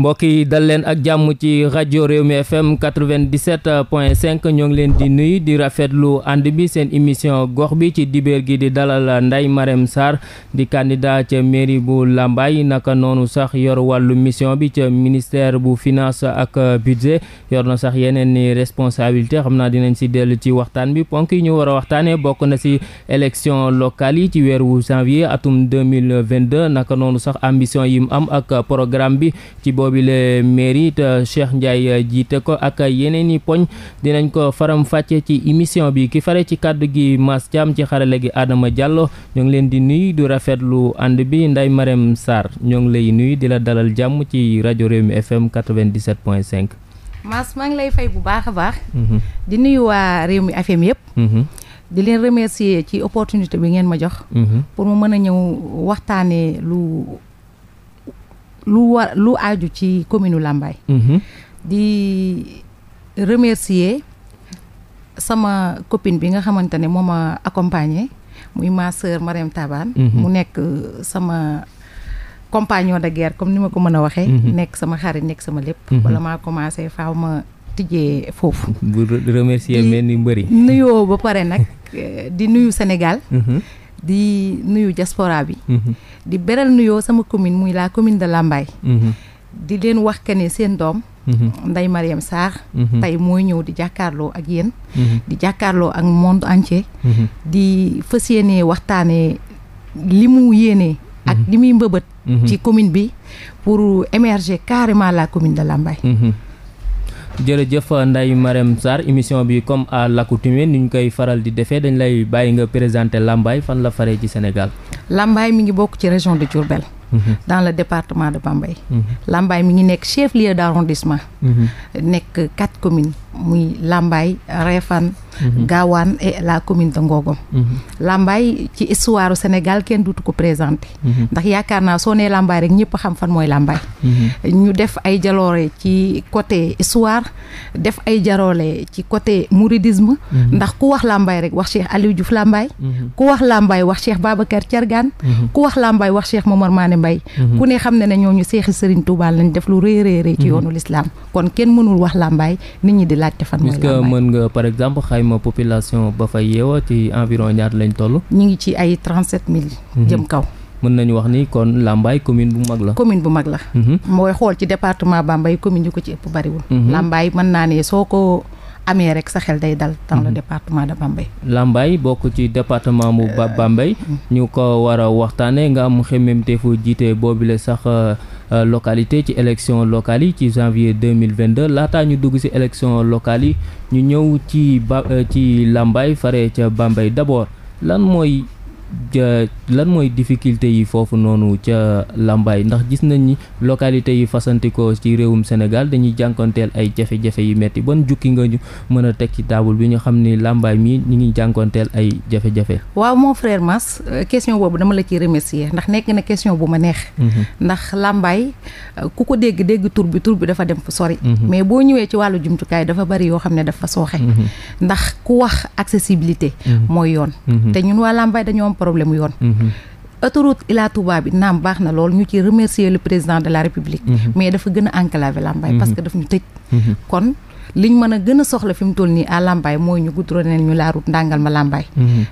mbokk yi dal leen ak jàmm ci rajo Rewmi FM 97.5 ñoo ngi leen di nuyu di rafetlu ànd bi seen émission gox bi ci dibéer gi di dalal nday Marème Sarr di candidat ca mairie bu Lambaye naka noonu sax yor wàllu mission bi ca ministère bu finance ak budget yor na sax yeneen ni responsabilité xam naa dinañ si dellu ci waxtaan bi ponk yi ñu war a waxtaanee bokk na si élection locale yi ci weeru janvier atum 2022 naka noonu sax ambition yi am ak programme bi ci boobu boobile mairie te Cheikh Ndiaye euh, jiite ko ak yeneen i poñ dinañ ko faram fàcce ci émission bi ki fare ci kàddu gi Mass Thiam ci xarale gi Adama Diallo ñoo ngi leen di nuy du lu ànd bi Ndeye Marème Sarr ñoo ngi lay nuy di la dalal jàmm ci rajo Rewmi FM 97.5. Mass maa ngi lay fay bu baax a baax. Mhm. di nuyu waa Rewmi FM yëpp. Mhm. di leen remercier ci opportunité bi ngeen ma jox. Mhm. pour mu mën a ñëw waxtaanee lu. lu war lu aaju ci commune u Lambaye mhm. di remercier sama copine bi nga xamante ne moo ma accompagner muy ma sœur Mariam Taban mhm. mu nekk euh, sama compagnon de guerre comme ni ma ko mën a waxee mhm. nekk sama xarit nekk sama lépp wala maa commencé faaw ma tijjee foofu bu remercier mel ni mbëri nuyoo ba pare nag euh, di nuyu Sénégal di nuyu diaspora bi. Mhm. di beral nuyoo sama commune muy la commune de Lambaye. Mhm. di leen wax que ne seen doom. Mhm. Ndeye Mariam Sarr. tey mooy ñëw di jàkkaarloo ak yéen. di jàkkaarloo ak monde entier. di fas yéenee waxtaanee li mu yéene ak li muy mbëbët. ci commune bi pour émerger carrément la commune de mbay jërëjëf Ndeye Marème Sarr émission bi comme à l'accoutumée ni ñu koy faral di defee dañ lay bàyyi nga présenté Lambaye fan la faree ci Sénégal. Lambaye mi ngi bokk ci région de Diourbel. Mhm. dans le département de Bambey. Mhm. Lambaye mi ngi nekk chef lieu d' arrondissement. Mhm. nekk quatre communes muy Lambaye Réfane. Mhm. gaawaan et la commune de Ngogom mhm. Lambaye ci histoire Sénégal kenn duutu ko présenté mhm. ndax yaakaar naa soo nee Lambaye rek ñëpp xam fan mooy Lambaye ñu def ay jaloore ci côté histoire def ay jaloore ci côté muridisme ndax ku wax Lambaye rek wax Cheikh Aliou Diouf Lambaye ku wax Lambaye wax Cheikh Babacar Thiargane ku wax Lambaye wax Cheikh Momar Mané Mbaye ku ne xam ne ne ñooñu seexi Serigne Touba lañ def lu rëy rëy ci yoonu l'islam kon kenn mënul wax Lambaye ma population ba fay yeewoo ci environ ñaar lañ toll. ñu ngi ci ay 37000. Mhm. jëm kaw. mën nañu wax ni kon Lambaye commune bu mag la. commune bu mag la. Mhm. mooy xool ci département Bambey commune yu ko ci ëpp bariwul. Mhm. Lambaye mën naa ne soo ko amee rek sa xel day dal. dans le département de bokk ci département bu euh, Bambey. ñu ko war a waxtaanee nga am xemmemteefu jiite boobile sax. Euh, Euh, localité ci élection locale yi ci janvier 2022 laataa ñu dugg si élection locale yi ñu ñëw ci ba euh, ci Lambaye fare ca Bambey d'abord lan mooy lan mooy difficulté yi foofu noonu ca Lambaye ndax gis nañ ni localité yi fasantikoo ci réewum Sénégal dañuy jànkonteel ay jafe-jafe yu metti ban jukki nga ñu mën a teg ci taabul bi ñu xam ni Lambaye mii ñu ngi jànkonteel ay jafe waaw mon frère euh, question boobu dama la ciy remercier ndax nekk na question bu ma neex. Mhm. ndax Lambaye euh, ku ko dégg dégg tur bi tur bi dafa dem fa sori. Mhm. mais boo ñëwee ci wàllu jumtukaay dafa bari yoo xam ne dafa sooxe. Mhm. ndax ku wax accessibilité. mooy yoon te ñun waa Lambaye dañoo problème yoon mhm. autoroute Ila Touba bi naam baax na lool ñu ci remercier le président de la république mhm. mais dafa gën a enclavé Lambaye parce mhm. que daf ñu tëj kon liñ mën a gën a soxla fi mu toll nii à Lambaye mooy ñu goudronnel ñu la route ndàngal ma Lambaye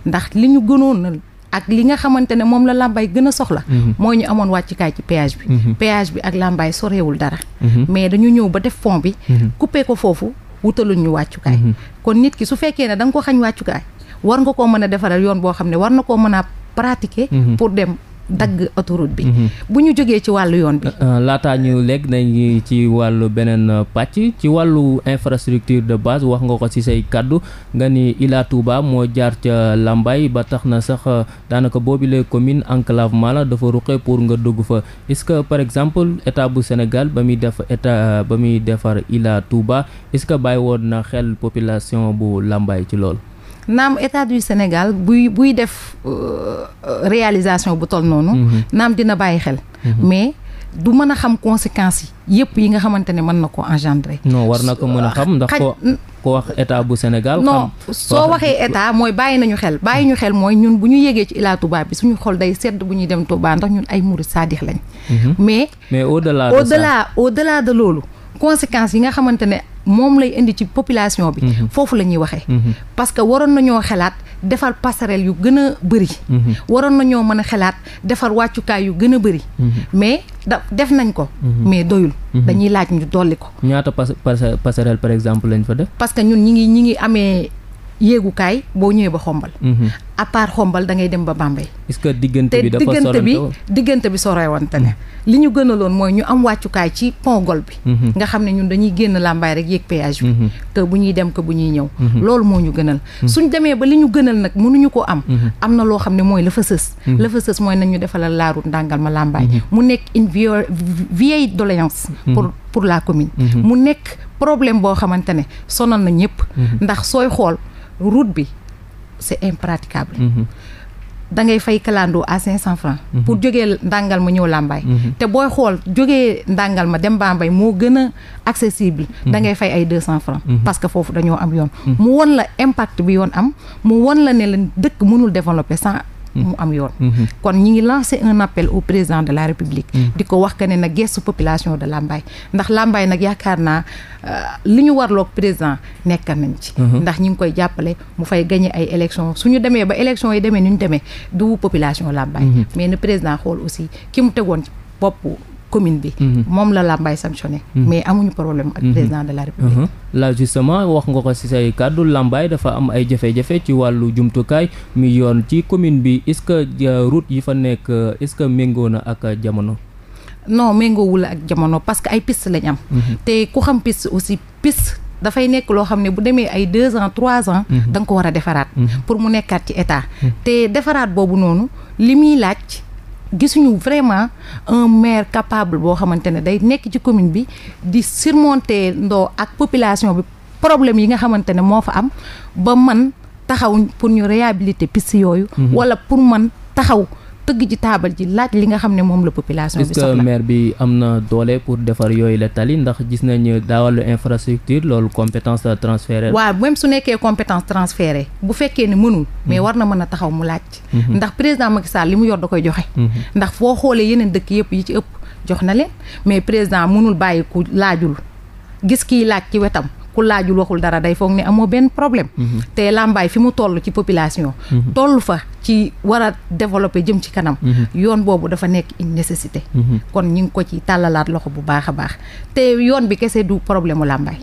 ndax li ñu gënoon ak li nga xamante ne moom la Lambaye gën a soxla mooy ñu amoon wàccukaay ci péage bi péage bi ak Lambaye sorewul dara mais dañu ñëw ba def pont bi kuppee ko foofu wutaluñ ñu wàccukaay kon nit ki su fekkee ne da ko xañ wàccukaay war nga ko mën a defaral yoon boo xam ne war na koo mën a pratiquer. Mhm. pour dem dagg autoroute bi. Mhm. bu ñu jógee ci wàll yoon bi. Euh, euh, laataa ñu léegi nañ ci wàllu beneen euh, pàcc ci wàllu infrastructure de base wax nga ko ci say kàddu nga ni Ila Touba moo jaar ca Lambaye ba tax na sax daanaka boobile commune enclavement la dafa ruqe pour nga dugg fa est-ce que par exemple état bu Sénégal ba muy def état ba muy defar Ila Touba est-ce que bàyyi woon na xel population bu Lambaye ci lool naam état du Sénégal buy buy def euh, euh, réalisation bu tol noonu. Mhm. naam dina bàyyi xel. Mhm. mais du mën a xam conséquences yi yëpp yi nga xamante ne mën na ko engendrer. non war na ko mën a xam ndax ko wax état bu Sénégal. no soo waxee état mooy bàyyi nañu xel bàyyi ñu xel mooy ñun bu ñu yégee ci illah tubaab bi suñu xol day sedd bu ñuy dem Touba ndax ñun ay murid sadix lañ. Mhm. mais mais au delà de ça de loolu conséquences yi nga xamante ne. moom lay indi ci population bi. Mhm. foofu la ñuy waxee. Mhm. parce que waroon nañoo xalaat defar passerelle yu gën a bëri. Mhm. waroon nañoo mën a xalaat defar wàccukaay yu gën a bëri. mais da def nañ ko. mais doyul. dañuy laaj ñu dolli ko. ñaata passerelle par exemple lañ fa def. parce que ñun ñi ngi ñi ngi amee. yéegukaay boo ñëwee ba xombal. Mhm. à xombal da ngay dem ba Bambey. est que diggante bi dafa diggante bi diggante bi sorewante ne. Mhm. li ñu gënaloon mooy ñu am wàccukaay ci pont bi. Mhm. nga xam ne ñun dañuy génn làmbaay rek yéeg péage bi. que bu ñuy dem ko bu ñuy ñëw. loolu moo ñu gënal. suñ demee ba li ñu gënal nag mënuñu ko am. am na loo xam ne mooy la fa sës. la sës mooy nañu ñu defalal la ndàngal ma làmbaay. mu nekk une vieille doléance. pour pour la commune. mu nekk problème boo xamante ne sonal na ñëpp. ndax sooy xool. route bi c' est impraticable. Mhm. da ngay fay kalandoo à cent francs mhm. pour jógee ndàngal ma ñëw làmbaay mhm. te booy xool jógee ndàngal ma dem bambay moo gën a accessible da ngay fay ay 200 francs parce que foofu dañoo am yoon mu won la impact bi yoon am mu won la ne la dëkk mënul développer sans mu mm-hmm. am yoon mm-hmm. kon ñi ngi lancé un appel au président de la république mm-hmm. di ko wax que ne na gestu population de Lambaye ndax Lambaye nag yaakaar naa euh, li ñu war warloog président nekk nañ ci ndax ñi ngi koy jàppale mu fay gagné ay élection suñu demee ba élection yi demee nu ñu demee du population Lambaye mais ne président xool aussi ki mu tegoon bopp commune bi. Mhm. moom la Lambaye sanctionné. Mhm. mais amuñu problème ak mhm. président de la république. là justement wax nga ko ci say kàddu Lambaye dafa am ay jafe-jafe ci wàllu jumtukaay mi yoon ci commune bi est-ce que euh, route yi fa nekk euh, est-ce que méngoo na ak euh, jamono. non méngoowul ak jamono parce que ay pist lañ am. te ku xam pist aussi pist dafay nekk loo xam ne bu demee ay deux ans trois ans. danga ko war a defaraat. pour mu nekkaat ci état. te defaraat boobu noonu li muy laaj. gisuñu vraiment un maire capable boo xamante ne day nekk ci commune bi di surmonter ndoo ak population bi problème yi nga xamante ne moo fa am ba man taxaw pour ñu réabilité piste yooyu. Mhm. wala pour man taxaw. tëgg ci taabal ji laaj li nga xam ne moom la population bi soxla maire bi am na doole pour defar yooyu la ndax gis nañu daawàllu infrastructure loolu compétence transférée waaw même su nekkee compétence transférée bu fekkee ne mënul mais mhm. war na mën a taxaw mu laaj mhm. ndax président Macky Sall li mu yor da koy joxe mhm. ndax foo xoolee yeneen dëkk yëpp yi ci ëpp jox na mais président mënul bàyyi ku laajul gis kiy laaj ci wetam ku laajul waxul dara day foog ne amoo benn problème. Mhm. te làmbaay fi mu toll ci population. Mhm. toll fa ci war a développer jëm ci kanam. Mhm. yoon boobu dafa nekk une nécessité. kon ñu ngi ko ci tàllalaat loxo bu baax a baax te yoon bi kese du problème mu làmbaay.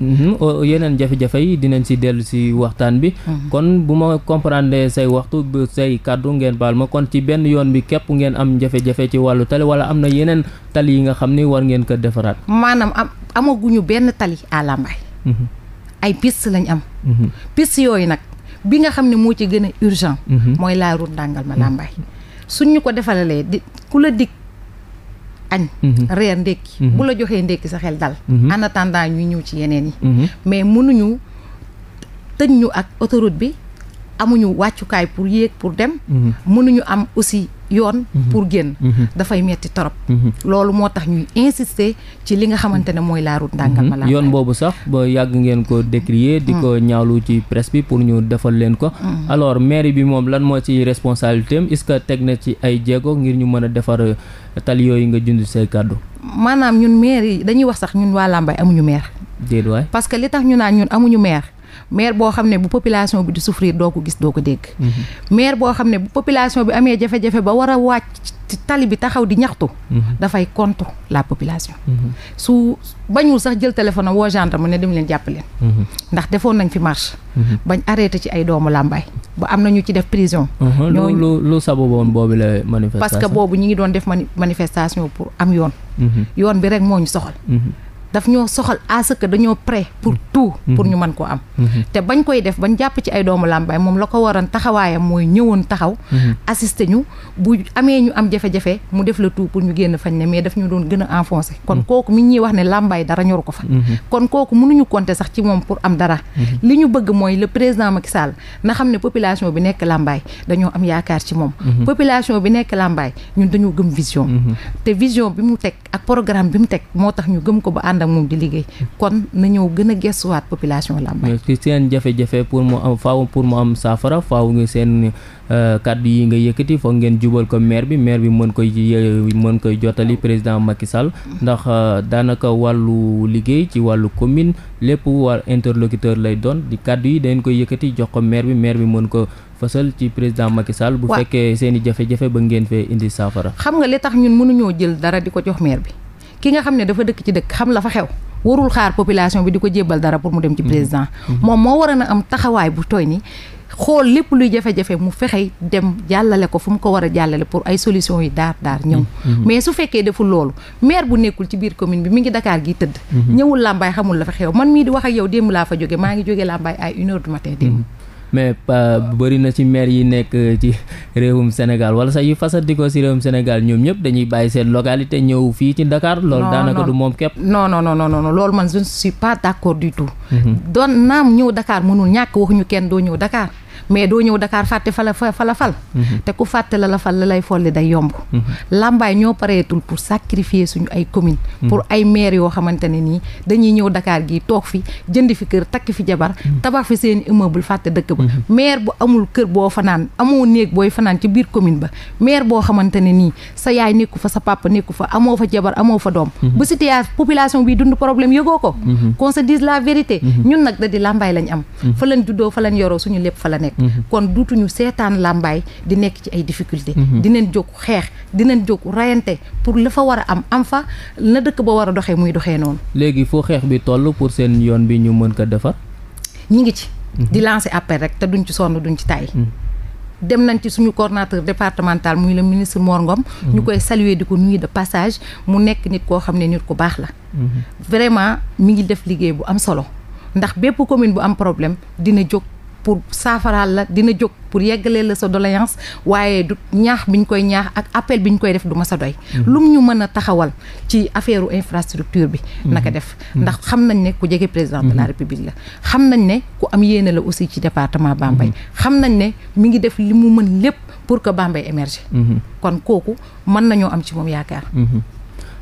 yeneen jafe-jafe yi dinañ si dellu si waxtaan bi. kon bu ma comprender say waxtu say kàddu ngeen baal ma kon ci benn yoon bi képp ngeen am jafe-jafe ci wàllu tali wala am na yeneen tali yi nga xam ni war ngeen ko defaraat. maanaam amaguñu benn tali à làmbaay. ay piste lañ am. Mhm. piste yooyu nag bi nga xam ne moo ci gën a urgent. Mhm. mooy la route ma Malambaye. suñ ñu ko defalalee di ku la dig añ. Mhm. reer ndékki. bu la joxee ndékki sa xel dal. en attendant ñuy ñëw ci yeneen yi. mais mënuñu tëj ñu ak autoroute bi amuñu wàccukaay pour yéeg pour dem. mënuñu am aussi yoon mhm. pour génn mhm. dafay metti torop mhm. loolu moo tax ñuy insister ci li nga xamante ne mooy la route Ndàngal Malaxaan yoon boobu sax ba yàgg ngeen ko décrier di ko ñaawlu ci presse bi pour ñu defal leen ko alors mairie bi moom lan moo ci responsabilité am est-ce que teg na ci ay jéego ngir ñu mën a defar euh, tali yi nga jund say kàddu maanaam ñun maire yi dañuy wax sax ñun waa Lambaye amuñu maire déedéet waay que li tax ñu naan ñun amuñu maire maire boo xam ne bu population bi di souffrir doo ko gis doo ko dégg. maire boo xam ne bu population bi amee jafe-jafe ba war a wàcc ci tali bi taxaw di ñaxtu. Mhm. dafay contre la population. Mhm. su bañul sax jël téléphone am woo gendarme ne dem leen jàpp leen. Mhm. ndax defoon nañ fi marche. bañ arrêté ci ay doomu làmbaay ba am na ñu ci def prison. ñooñu lu lu sababoon boobu la manifestation. parce que boobu ñu ngi doon def manifestation pour am yoon. yoon bi rek moo ñu soxal. daf ñoo soxal à ce dañoo prêt pour tout pour ñu mën koo am te bañ koy def bañ jàpp ci ay doomu làmbaay moom la ko waroon taxawaayam mooy ñëwoon taxaw assister ñu bu amee ñu am jafe-jafe mu def le tout pour ñu génn fañ ne mais daf ñu doon gën a enfoncé kon kooku mi ñuy wax ne làmbaay dara ñoru ko fa kon kooku mënuñu konte sax ci moom pour am dara li ñu bëgg mooy le président Macky Sall na xam ne population bi nekk làmbaay dañoo am yaakaar ci moom population bi nekk làmbaay ñun dañoo gëm vision te vision bi bi mu teg moo tax ñu gëm ko ba ànd ak moom di liggéey kon na ñëw gën a gestuwaat population Lambaye ci seen jafe-jafe pour mu am faaw pour mu am saafara faaw nga seen euh, kàddu yi nga yëkkati foog ngeen jubal ko maire bi maire bi mën koy euh, mën koy jottali président Macky Sall ndax euh, daanaka wàllu liggéey ci wàllu commune lépp war interlocuteur lay doon di kàddu yi dañ koy yëkkati jox ko maire bi maire bi mën ko fasal ci président Macky Sall bu fekkee seeni i jafe-jafe ba ngeen fee indi saafara xam nga li tax ñun bi ki nga xam ne dafa dëkk ci dëkk xam la fa xew warul xaar population bi di ko jébbal dara pour mu dem ci mhm. président mhm. moom moo war a am taxawaay bu tooy ni xool lépp luy jafe-jafe mu fexe dem jàllale ko fu mu ko war a jàllale pour ay solution yi daar daar ñëw mhm. mais su fekkee deful loolu maire bu nekkul ci biir commune bi mu ngi dakaar gi tëdd ñëwul Lambaye xamul la fa xew man mii di wax ak yow démb laa fa jóge maa ngi jóge Lambaye ay une heure du matin mais euh, bëri na ci maire yi nekk euh, ci réewum Sénégal wala sax yu fasantikoo si réewum Sénégal ñoom ñëpp dañuy bàyyi seen localité ñëw fii ci Dakar. loolu daanaka du moom képp. no non non non non loolu man je ne suis pas d'accord du tout. Mhm. doon naam ñëw Dakar mënul ñàkk waxuñu kenn doo ñëw Dakar. mais doo ñëw dakaar fàtte fa la fa la fal mhm. te ku fàtte la la fal la lay folli day yomb mhm. làmbaay ñoo pareetul pour sacrifier suñu ay commune mhm. pour ay maire yoo xamante ne nii dañuy ñëw dakaar gi toog fi jënd fi kër takk fi jabar tabax fi seen immeuble fàtte dëkk ba maire bu amul kër boo fanaan amoo néeg booy fanaan ci biir commune ba maire boo xamante ne nii sa yaay nekku fa sa papa nekku fa amoo fa jabar amoo fa doom bu situation population bi dund problème yëgoo ko qu'on la vérité ñun nag di làmbaay lañ am fa lañ juddoo fa lañ suñu lépp fa la nekk Mm-hmm. kon duutuñu seetaan làmbaay di nekk ci ay difficulté mm-hmm. dina jóg xeex dinañ jóg rayante pour la fa war a am am fa na dëkk ba war a doxee muy doxee noonu léegi foo xeex bi toll pour seen yoon bi ñu mën ko defar ñi ngi ci mm-hmm. di lancer appel rek te duñ ci sonn duñ ci tàyyi dem nañ ci suñu coordonnateur départemental muy le ministre Mor Ngom ñu koy saluer di ko nuyu de passage mu nekk nit koo xam ne nit ku baax la vraiment mi ngi def liggéey bu am solo ndax bépp commune bu am problème dina jóg pour saafaraal la dina jóg pour yeggalee la sa doléance waaye du ñaax bi ñu koy ñaax ak appel bi ñu koy def du ma sa doy mhm. lu ñu mën a taxawal ci affaire infrastructure bi mhm. naka def mhm. ndax xam nañ ne ku jege président de la république la xam nañ ne ku am yéene la aussi ci département Bambey xam nañ ne mi ngi def li mu mën lépp pour que Bambey émerger kon kooku mën nañoo am ci moom yaakaar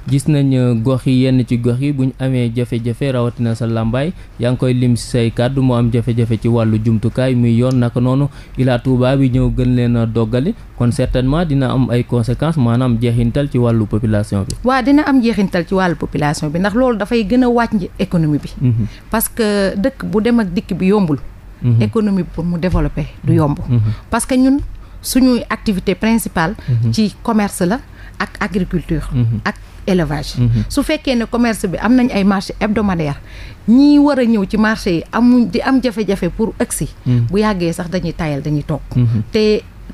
gis nañ euh, gox yi yenn ci gox yi bu ñu amee jafe-jafe rawatina sa làmbaay yaa ngi koy lim si say kàddu moo am jafe-jafe ci wàllu jumtukaay muy yoon naka noonu Ila Touba bi ñëw gën leen a doggali kon certainement dina am ay conséquence maanaam jeexintal ci wàllu population bi. waa dina am jeexintal ci wàllu population bi ndax loolu dafay gën a wàññi économie bi. Mhm. parce que dëkk bu dem ak dikk bi yombul. Mhm. économie bi pour mu développer du mhm. yomb. parce que ñun suñuy activité principale. ci commerce la ak agriculture. élevage. Mhm. su fekkee ne commerce bi am nañ ay marché hebdomadaire ñii war a ñëw ci marché yi amuñ di am jafe-jafe pour agsi mhm. bu yàggee sax dañuy tayal dañuy toog. Mhm.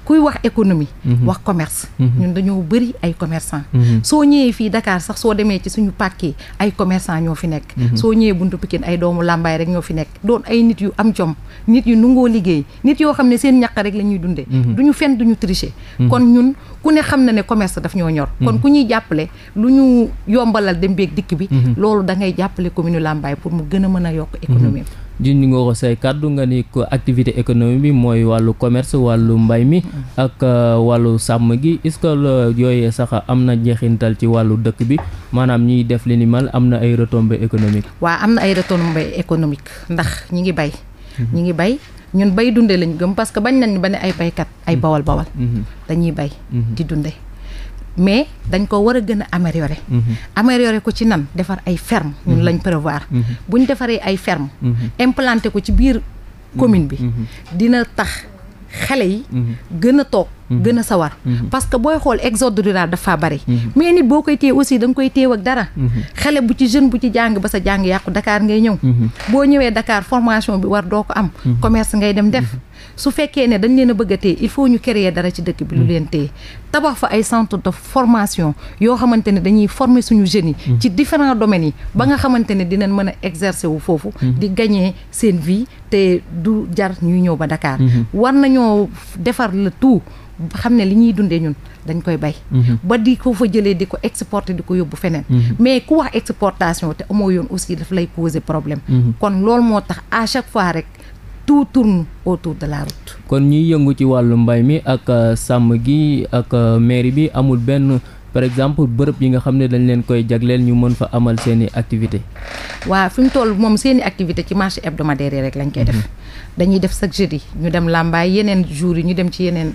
kuy wax économie. Mhm. wax commerce. Mhm. ñun dañoo bëri ay commerçant. Mhm. soo ñëwee fii Dakar sax soo demee ci suñu pàkkee ay commercant ñoo fi nekk. soo ñëwee buntu Pikine ay doomu làmbaay rek ñoo fi nekk doon ay nit yu am jom nit yu nungoo liggéey nit yoo xam ne seen ñaq rek la ñuy dundee. duñu fen duñu tricher. kon ñun ku ne xam na ne commerce daf ñoo ñor. kon ku ñuy jàppale lu ñu yombalal dem beeg dikk bi. loolu da ngay jàppale commune làmbaay pour mu gën a mën a yokk économie junj nga ko say kàddu nga ni ko activité économique bi mooy wàllu commerce wàllu mbay mi ak uh, wàllu sàmm gi est-ce que uh, yooyee sax am na jeexintal ci wàllu dëkk bi maanaam ñiy def li ni mal am na ay retombées économiques. waa am na ay retombées économiques ndax ñi ngi bay. Mhm. ñi ngi bay ñun bay dundee lañ gëm parce que bañ nañ ba ne ay baykat ay mhm. bawal bawal. Mhm. dañuy bay di dundee. mais dañ ko war a gën a améliorer. Mhm. améliorer ko ci nan defar ay ferme ñun mhm. lañ prévoir. Mhm. bu ñu defaree ay ferme implanté ko ci biir commune bi. dina tax xele yi. gën a toog. Mm-hmm. gën a sawar mm-hmm. parce que booy xool exode rural dafa bari mm-hmm. mais nit boo koy téye aussi da koy téew ak dara xale bu ci jeune bu ci jàng ba sa jàng yàqu dakaar ngay ñëw boo ñëwee dakaar formation bi war doo ko am commerce ngay dem def su fekkee ne dañ leen a bëgg il faut ñu créer dara ci dëkk bi lu leen téye tabax fa ay centre de formation yoo xamante ne dañuy former suñu jeunes yi ci différents domaines yi ba nga xamante ne dinañ mën a exercer wu foofu di gagner seen vie te du jar ñuy ñëw ba Dakar war nañoo defar le tout xam ne li ñuy dundee ñun dañ koy bay mhm. ba di ko fa jëlee di ko exporter di ko yóbbu feneen mhm. mais ku wax exportation te amoo yoon aussi daf lay poser problème mhm. kon loolu moo tax à chaque fois rek tout tourne autour de la kon ñuy yëngu ci wàllu mbay mi ak euh, sàmm gi ak euh, mairie bi amul benn par exemple bërëb yi nga xam ne dañ leen koy jagleel ñu mën fa amal seen i activité waaw fi mu toll moom seen i activité ci marché hebdomadaire yi rek lañ koy def dañuy def chaque jeudi ñu dem làmbaay yeneen jours yi ñu dem ci yeneen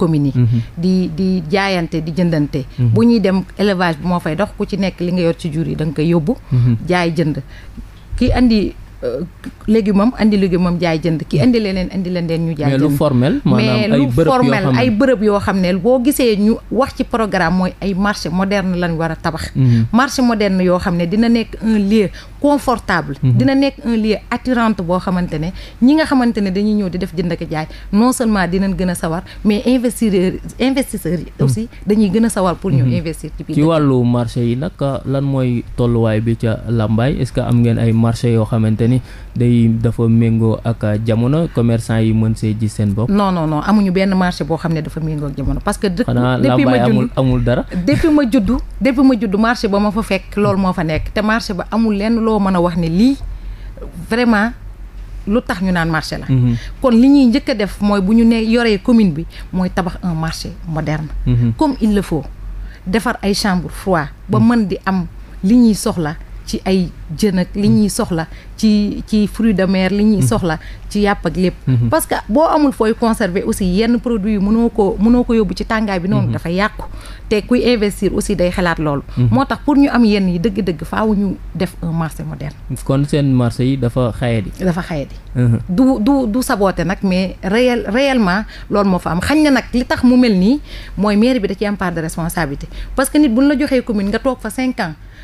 communes mhm. di di jaayante di jëndante mhm. bu ñuy dem élevage bi moo fay dox ku ci nekk li nga yor ci jur yi da nga koy yóbbu mhm. jaay jënd ki andi Euh, légume am andi légume am jaay jënd ki andi leneen andi leneen ñu jaay jënd mais lu formel maanaam ay bërëb yoo xam ne mais lu formel ay bërëb yoo xam ne boo gisee ñu wax ci programme mooy ay marché moderne lañ war a tabax mhm. marché moderne yoo xam ne dina nekk un lieu confortable mhm. dina nekk un lieu attirant boo xamante ne ñi nga xamante ne dañuy ñëw di def jënd ak jaay non seulement dinañ gën a sawar mais investisseurs investisseurs yi aussi mhm. dañuy gën a sawar pour ñu investir ci wàllu marché yi nag lan mooy tolluwaay bi ca Lambaye est-ce que am ngeen ay marché yoo xamante ni day dafa méngoo ak euh, jamono commerçant yi mën see ji seen bopp. non non non amuñu benn marché boo xam ne dafa méngoo ak jamono parce que. depuis ma judd amul dara. depuis ma juddu depuis ma juddu marché ba ma fa fekk loolu moo fa nekk te marché ba amul lenn loo mën a wax ne lii vraiment. lu tax ñu naan marché la. Mhm. kon li ñuy njëkk a def mooy bu ñu nekk yoree commune bi mooy tabax un marché moderne. Mhm. comme il le defar ay chambre froid ba mhm. mën di am li ñuy soxla. ci ay jën ak li ñuy soxla ci ci fruits de mer li ñuy mm-hmm. soxla ci yàpp ak lépp mm-hmm. parce que boo amul fooy conserver aussi yenn produits yi mënoo ko mënoo ko yóbbu ci tàngaay bi noonu mm-hmm. dafa yàqu te kuy investir aussi day xalaat loolu moo tax pour ñu am yenn yi dëgg-dëgg faaw ñu def un marché moderne kon seen marché yi dafa xayadi dafa xayadi du du du saboté nag mais réel réellement loolu moo fa am xañ na nag li tax mu mel nii mooy mairie bi da ci am part de responsabilité parce que nit buñ la joxee commune nga toog fa cinq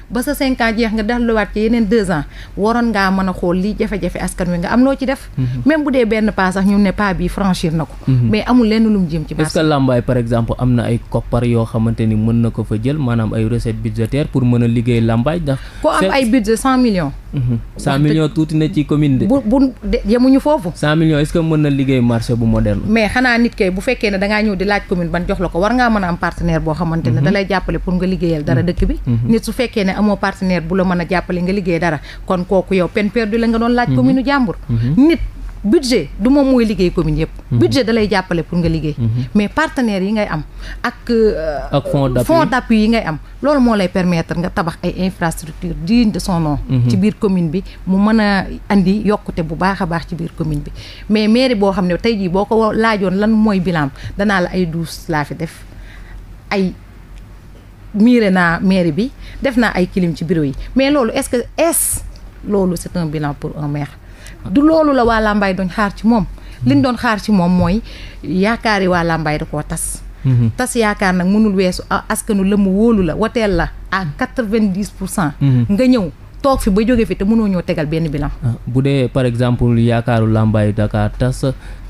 ba sa cinq ans jeex nga delluwaat ci yeneen deux ans waroon ngaa mën a xool lii jafe-jafe askan wi nga am loo ci def mhm. même bu dee benn pas sax ñu ne pas bi franchir na ko mhm. mais amul lu mu jëm ci par exemple am na ay koppar yoo xamante ni mën na ko fa jël maanaam ay recette budgétaire pour mën a liggéey Lambaye ndax ko am ay budget cent millions mhm. cent millions tuuti na ci commune de bu bu yemuñu foofu cent millions est-ce que mën na liggéey marché bu moderne mais xanaa nit kay bu fekkee ne dangaa ñëw di laaj commune ban jox la ko war ngaa mën a am partenaire boo xamante ne da lay jàppale pour nga liggéeyal dara dëkk amoo partenaire bu la mën a jàppale nga liggéey dara kon kooku yow pen perdue la nga doon laaj mhm. commune jàmbur mhm. nit budget du moom mooy liggéey commune yëpp mhm. budget da lay jàppale pour nga liggéey mais partenaires yi ngay am ak euh, fonds d'appui yi ngay am loolu moo lay permettre nga tabax ay infrastructure digne de son nom ci biir commune bi mu mën a indi yokkute bu baax a baax ci biir commune bi mais mairie boo xam ne tey jii boo ko laajoon lan mooy bilan danaa la ay douche laa fi def ay miire naa bi def naa ay clim ci bureau yi mais loolu est-ce que est-ce loolu c'est un bilan pour un maire du loolu la waa Lambaye doon xaar ci moom li liñ doon xaar ci moom mooy yaakaar yi waa Lambaye da koo tas mhm. tas yaakaar nag mënul weesu askanu la mu wóolu la woteel la à quatre-vingt-dix pour cent mhm. nga ñëw toog fi ba jóge fi te mënoo ñoo tegal benn bilan. Ah, bu dee par exemple yaakaaru làmbaayu Dakar tas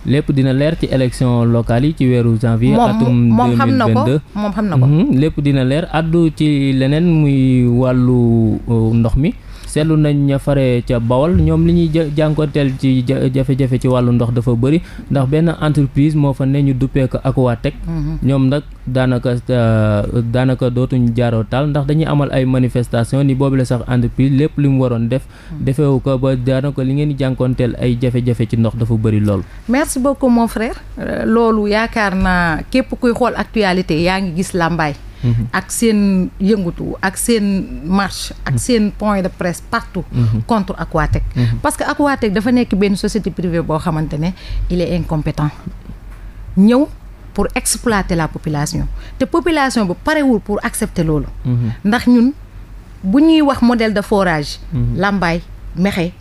lépp dina leer ci élection locale yi ci weeru janvier. atum 2022 moom xam na ko moom xam na ko. Mhm, lépp dina leer addu ci leneen muy wàllu uh, ndox mi. seetlu nañ ña fare ca Bawol ñoom li ñuy jànkonteel ci jafe-jafe ci wàllu ndox dafa bëri ndax benn entreprise moo fa ne ñu duppee ko Aquatech mhm. ñoom nag daanaka euh, daanaka dootuñ jaaroo taal ndax dañuy amal ay manifestation ni boobu la sax entreprise lépp li mu waroon def mhm. defewu ko ba daanaka li ngeen di jànkonteel ay jafe-jafe ci ndox dafa bëri loolu merci beaucoup mon frère euh, loolu yaakaar naa képp kuy xool actualité yaa ngi gis làmbaay Mm-hmm. ak seen yëngutu ak seen marche ak mm-hmm. seen point de presque partout mm-hmm. contre Aquatech parce que Aquatech dafa nekk benn société privée boo xamante ne il est incompétent ñëw pour exploiter la population te population bu parewul pour accepter loolu ndax ñun bu ñuy wax modèle de forage làmbaay mexe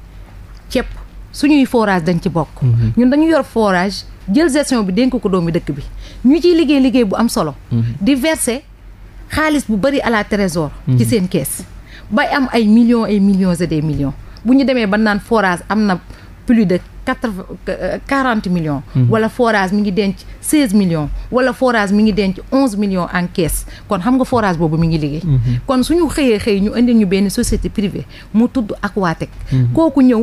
ceeb suñuy forage dañ ci bokk ñun dañu yor forage jël gestion bi dénk ko doomi dëkk bi ñu ciy liggéey liggéey bu am solo di verser xaalis bu bëri à la trésor ci mhm. seen kees ba am ay millions et millions des millions bu ñu demee ba naan forage am na plus de quatre euh, quarante millions mhm. wala forage mi ngi denc seize millions wala forage mi ngi denc onze millions en caisse kon xam nga forage boobu mi ngi liggéey mhm. kon su ñu xëyee xëy ñu indil ñu benn société privée mu tudd ak Aquatech kooku ñëw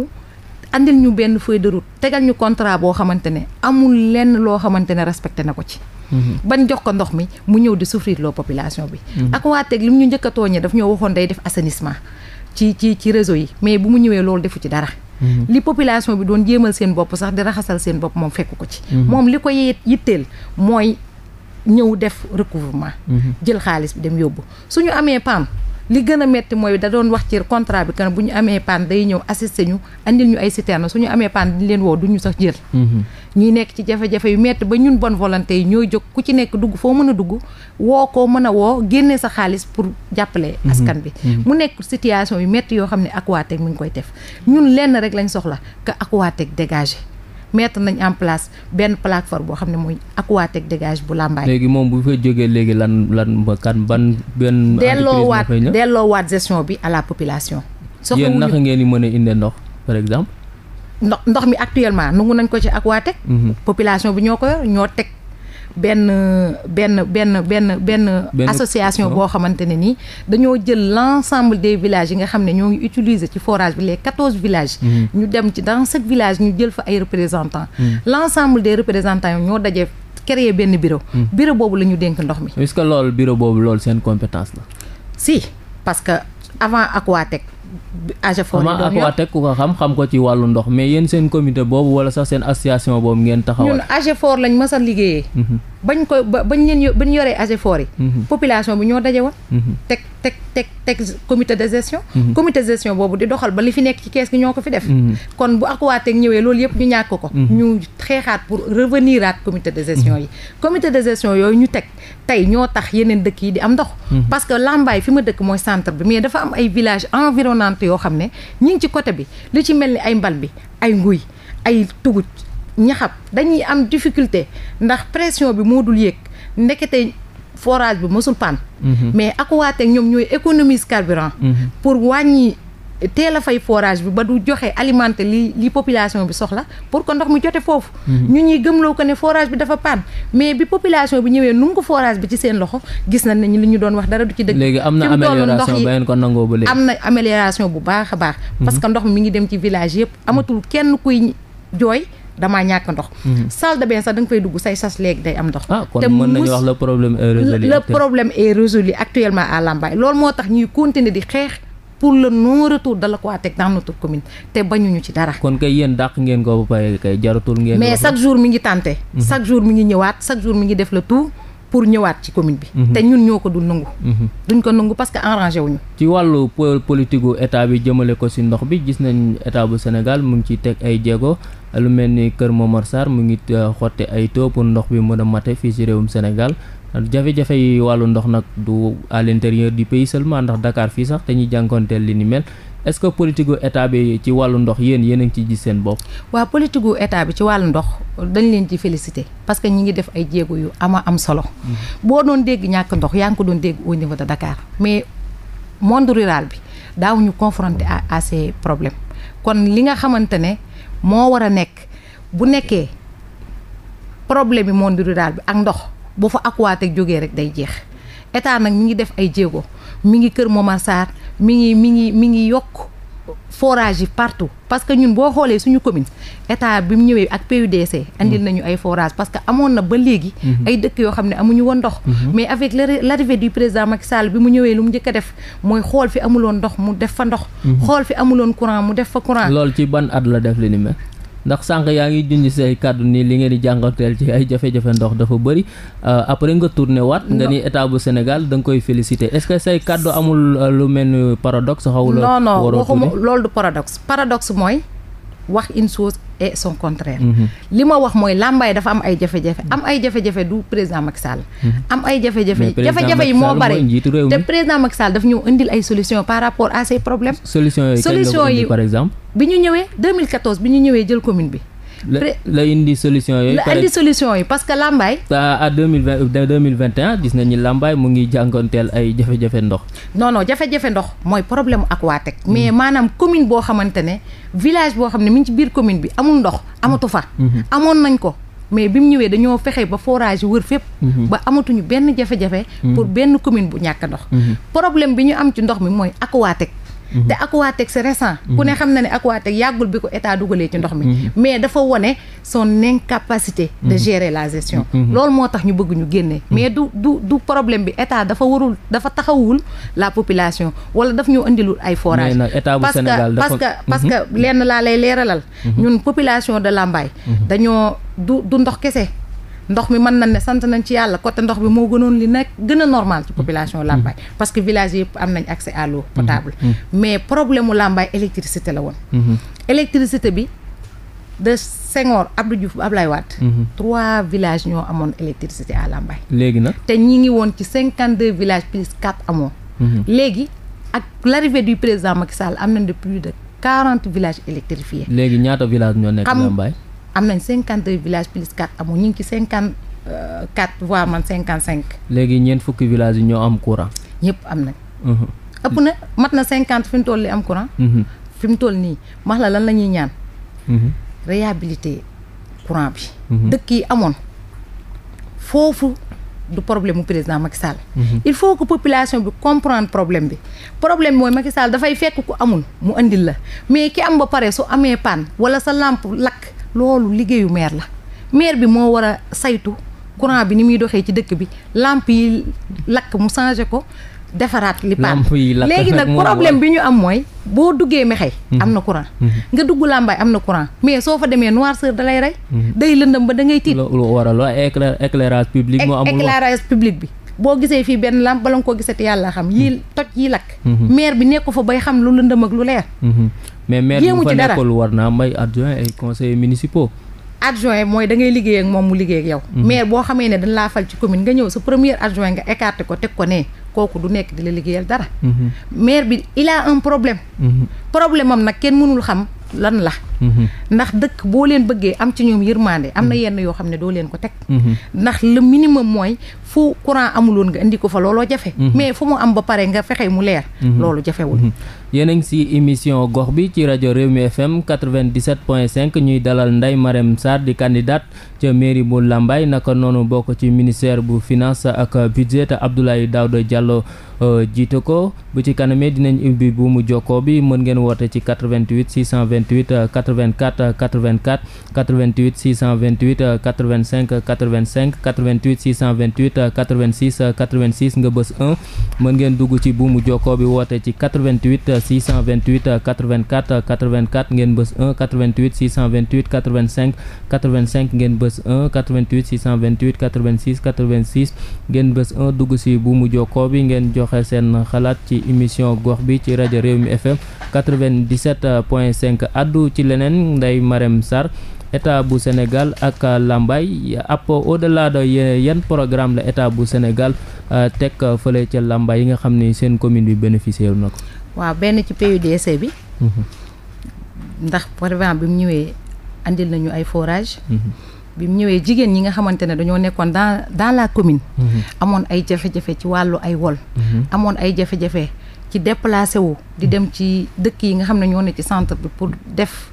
andil ñu benn feuille de tegal ñu contrat boo xamante ne amul lenn loo xamante ne respecté na ko ci Mm-hmm. ban jox ko ndox mi mu ñëw di souffrir loo population bi mm-hmm. ak waa teg li mu ñu njëkk a tooñee ñoo waxoon day def assainissement ci ci ci réseau yi mais bu mu ñëwee loolu defu ci dara mm-hmm. li population bi doon jéemal seen bopp sax di raxasal seen bopp moom fekk ko ci moom li ko yitteel mooy ñëw def recouvrement jël xaalis bi dem yóbbu su ñu amee PAM li gën a metti mooy da doon wax ci contrat bi kan bu ñu amee panne day ñëw assister ñu andil ñu ay siteer citerne suñu amee panne di leen woo du ñu sax jël mhm. ñuy nekk ci jafe-jafe yu metti ba ñun bon volonté yi ñooy jóg ku ci nekk dugg foo mën a dugg woo koo mën a woo génnee sa xaalis pour jàppale mhm. askan bi mhm. mu nekk situation yu metti yoo xam ne Aquatech mi ngi koy def ñun lenn rek lañ soxla que Aquatech dégagé mettre nañ en place benn plateforme boo xam ne mooy Aquatech dégage bu Lambaye. léegi moom bu fa jógee léegi lan lan ba kan ban benn. delloo waat gestion bi à la population. soxla yéen naka ngeen di mën a indee ndox par exemple. ndox ndox mi actuellement nangu nañ ko ci Aquatech. Mhm. population bi ñoo ko ñoo teg. benn benn benn benn benn association boo xamante ne nii dañoo jël l'ensemble des village yi nga xam ne ñoo ngi utiliser ci forage bi les quatorze village mhm. ñu dem ci dans chaque village ñu jël fa ay représentants mhm. l'ensemble des représentants ñoo dajee créer benn bureau mhm. bureau boobu la ñu dénk ndox mi est que loolu bureau boobu loolu seen compétence la si parce que avant Aquatech AGEFOR yi doon yor ko xam xam ko ci wàllu ndox mais yéen seen comité boobu wala sax seen association boobu ngeen taxawal. ñun AGEFOR lañ ma a liggéeyee. Mhm. bañ ko ba bañ leen bañ yoree AGEFOR yi. Mhm. population bi ñoo daje mhm. teg teg. teg teg comité de gestion mhm. comité de gestion boobu di doxal ba li fi nekk ci kees gi ñoo ko fi def mhm. kon bu Aquatech ñëwee loolu yëpp ñu ñàkk ko mhm. ñu xeexaat pour revenir at comité de gestion yi comité de gestion yooyu ñu teg tey ñoo tax yeneen dëkk yi di am ndox parce que Lambaye fi ma dëkk mooy centre bi mais dafa am ay village environnante yoo xam ne ñi ngi ci côté bi li ci mel ni ay mbal bi ay nguy ay tuguj ñaxam dañuy am difficulté ndax pression bi moo dul yéeg ndekete forage bi mosul pan mhm. mais Aquatech ñoom ñooy économise carburant mhm. pour wàññi teel a fay forage bi ba du joxe alimenter li li population bi soxla pour que ndox mu jote foofu ñu mhm. ñuy gëmloo ko ne forage bi dafa paan mais bi population bi ñëwee nu ko bi ci seen loxo gis nañ ne li ñu doon wax dara du ci dëgg léegi am na amélioration ba ngeen ko nangoo ba léegi am na amélioration bu baax a baax parce que ndox mi ngi dem ci village yëpp amatul kenn kuy jooy damaa ñàkk ndox. Mhm. salle de bain sax da nga fay dugg say sas léegi day am ndox. ah kon mën nañu wax le problème est résolu. actuellement à Lambaye loolu moo tax ñuy continuer di xeex. pour le non retour de l'Aquatech dans notre commune te bañuñu ci dara. kon kay yéen dàq ngeen ko ba pare kay jaratul ngeen. mais chaque jour mi ngi tànte. Mhm. chaque jour mi ngi ñëwaat chaque ngi def le tu pour ñëwaat ci commune bi. Mhm. te ñun ñoo ko du nangu. Mhm. duñ ko nangu parce que arrangé wuñu ci wàllu politique gu état bi jëmale ko si ndox bi gis nañ état bu Sénégal mu ngi ciy teg ay jéego lu mel ni Kër Momar Sarr mu ngi euh, xotte ay taux ndox bi mën a mate fii si réewum Sénégal jafe-jafe yi wàllu ndox nag du à l'intérieur du pays seulement ndax Dakar fii sax dañuy jànkoonteel li ni mel. est-ce que politique état bi ci wàllu ndox yéen yéen a ngi ciy seen bopp. waa politique état bi ci wàllu ndox dañ leen ci félicité parce que ñi ngi def ay jéego yu ama am solo. Mm-hmm. boo doon dégg ñàkk ndox yaa ngi ko doon dégg au niveau de mais monde rural bi daawuñu confronté à ces problèmes kon li nga xamante ne moo war a nekk bu nekkee problème bi monde rural bi ak ndox bu fa Aquatec jógee rek day jeex état nag mi ngi def ay jéego ngi Kër mi ngi mi ngi mi ngi yokk forage yi partout parce que ñun boo xoolee suñu commune état bi mu ñëwee ak PUDC. indi mm-hmm. nañu ay forage parce que amoon na ba léegi. Mm-hmm. ay dëkk yoo xam ne amuñu woon ndox. Mm-hmm. mais avec l'arrivée du président Macky Sall bi mu ñëwee lu mu njëkk def mooy xool fi amuloon ndox mu def fa ndox. xool fi amuloon courant mu def fa courant. loolu ci ban at la def li ni mel. ndax sànq yaa ngi junj say kàddu ni li ngeen di jàngateel ci ay jafe-jafe ndox dafa bëri euh, après nga tourné waat nga ni état bu Sénégal danga koy féliciter est-ce que say kàddu amul euh, lu mel ni paradoxe xaw la non non waxuma loolu du paradox paradoxe mooy wax une chose et son contraire. Mm-hmm. li ma wax mooy Lambaye dafa am ay jafe-jafe am ay jafe-jafe du président Macky Sall. Mm-hmm. am ay jafe-jafe jafe-jafe yi moo bare te président Macky Sall daf ñëw indil ay solution par rapport à ces problèmes. solution yi par exemple. bi ñu ñëwee 2014 bi ñu ñëwee jël commune bi. la indi solution yooyu. la yi parce que Lambaye. à deux mille vingt mille vingt et un gis nañu Lambaye mu ngi jànkoonteel ay jafe-jafe ndox. non non jafe-jafe ndox mooy problème ak waa teg mais maanaam commune boo xamante ne village boo xam ne mi ngi ci biir commune bi amul ndox amatu fa. Mhm. amoon nañ ko. mais bi mu ñëwee dañoo fexe ba forage wër fépp. Mhm. ba amatuñu benn jafe-jafe. Mhm. pour benn commune bu ñàkk ndox. problème bi ñu am ci ndox mi mooy ak Aquatec. Mm-hmm. te Aquatec c'est récent. ku ne mm-hmm. xam na ne Aquatec yàggul bi ko état dugalee ci ndox mi. Mm-hmm. mais dafa wone son incapacité. de gérer la gestion. loolu moo tax ñu bëgg ñu génne. mais du du du problème bi état dafa warul dafa taxawul la population wala daf ñu indilul ay forage état bu Sénégal parce que parce que lenn laa lay leeralal. ñun population de Lambaye. dañoo du du ndox kese. ndox mi mën nañ ne sant nañ ci yàlla côté ndox bi moo gënoon li nekk gën a normal ci population mm-hmm. Lambaye parce que village yëpp am nañ accès à l'eau potable mm-hmm. Mm-hmm. mais problème mu Lambaye électricité la woon électricité bi de Senghor Abdou Diouf Ablaye waat trois village ñoo amoon électricité à Lambaye léegi nag te ñi ngi woon ci cinquante deux villages plus quatre amoon léegi ak l'arrivée du président Macky am nañ de plus de quarante villages électrifiés léegi ñaata village ñoo nekk Lambaye am nañ cinquante deux villages plus quatre amul ñu ngi ci cinquante euh, quatre voire man cinquante cinq. léegi ñeent fukki villages yi ñoo am courant. ñëpp am nañ. Mhm. ëpp na mat na cinquante fi mu toll am courant. Mhm. fi mu toll nii max la lan la ñuy ñaan. Mhm. réhabiliter courant bi. dëkk yi amoon foofu. du problème mu président Macky Sall. Mhm. il faut que population bi comprendre problème bi problème mooy Macky dafay fekk ku amul mu andil la mais ki am ba pare su amee panne wala sa làmp lakk loolu liggéeyu meer la maire bi moo war a saytu courant bi ni muy doxee ci dëkk bi làmp yi lakk mu changé ko. defaraat li paan léegi nag problème bi ñu am mooy boo duggee mexey mhm. am na courant mhm. nga dugg làmbaay am na courant mais soo fa demee noirceur da lay rey mhm. day lëndëm ba dangay ngay tiit lu waral éclairage public moo amul éclairage public bi boo gisee fii benn làmp bala nga koo gisati yàlla xam yii toj yi lakk maire bi nekk fa bay xam lu lëndëm ak lu leer mais maire bi fa nekkul war naa may adjoint ay conseillers municipaux adjoint mooy dangay ngay liggéey ak moom mu liggéey ak yow. Mhm. maire boo xamee ne dañ laa fal ci commune nga ñëw sa premier adjoint nga écarté ko teg ko nee kooku du nekk di la liggéeyal dara. Mhm. maire bi il a un problème. Mhm. problème am nag kenn mënul xam lan la. ndax dëkk boo leen bëggee am ci ñoom yërmande am na yenn yoo xam ne doo leen ko teg. ndax le minimum mooy fu courant amuloon nga indi ko fa looloo jafe. mais fu mu am ba pare nga fexe mu leer. loolu jafewul. yéen a ngi si émission gox bi ci rajo mi FM 97.5 ñuy dalal ndey Marème Sarr di candidate ca mairie bu Lambaye naka noonu bokk ci ministère bu finance ak budget te Abdoulaye Daouda euh, jiite ko bu ci kanamee dinañ ubbi bu mu jokkoo bi mën ngeen woote ci 88 628 84 84 88 628 85 85 88 628 86 86 nga bës mën ngeen dugg ci bu mu jokkoo bi woote ci 88 628 84 84 ngeen bës 1 88 ngeen bës bës 1 88 628 86 86 ngeen bës 1 dugg si bu mu jokkoo bi ngeen joxe seen xalaat ci émission gox bi ci rajo Rewmi FM 97 point 5 addu ci leneen Ndeye Marème Sarr état bu Sénégal ak Lambaye ab au-delà de yan programme la état bu Sénégal euh, teg fële ca Lambaye yi nga xam ni seen commune bi bénéficié wu na ko. waaw benn ci PUDC bi. Mhm. ndax par bi mu ñëwee andil nañu ay forage mhm. bi mu ñëwee jigéen ñi nga xamante ne dañoo nekkoon dans dans la commune. Mm-hmm. amoon ay jafe-jafe ci wàllu ay wol. Mm-hmm. amoon ay jafe-jafe ci déplacé wu. di dem ci dëkk yi nga xam ne ñoo ne ci centre bi pour def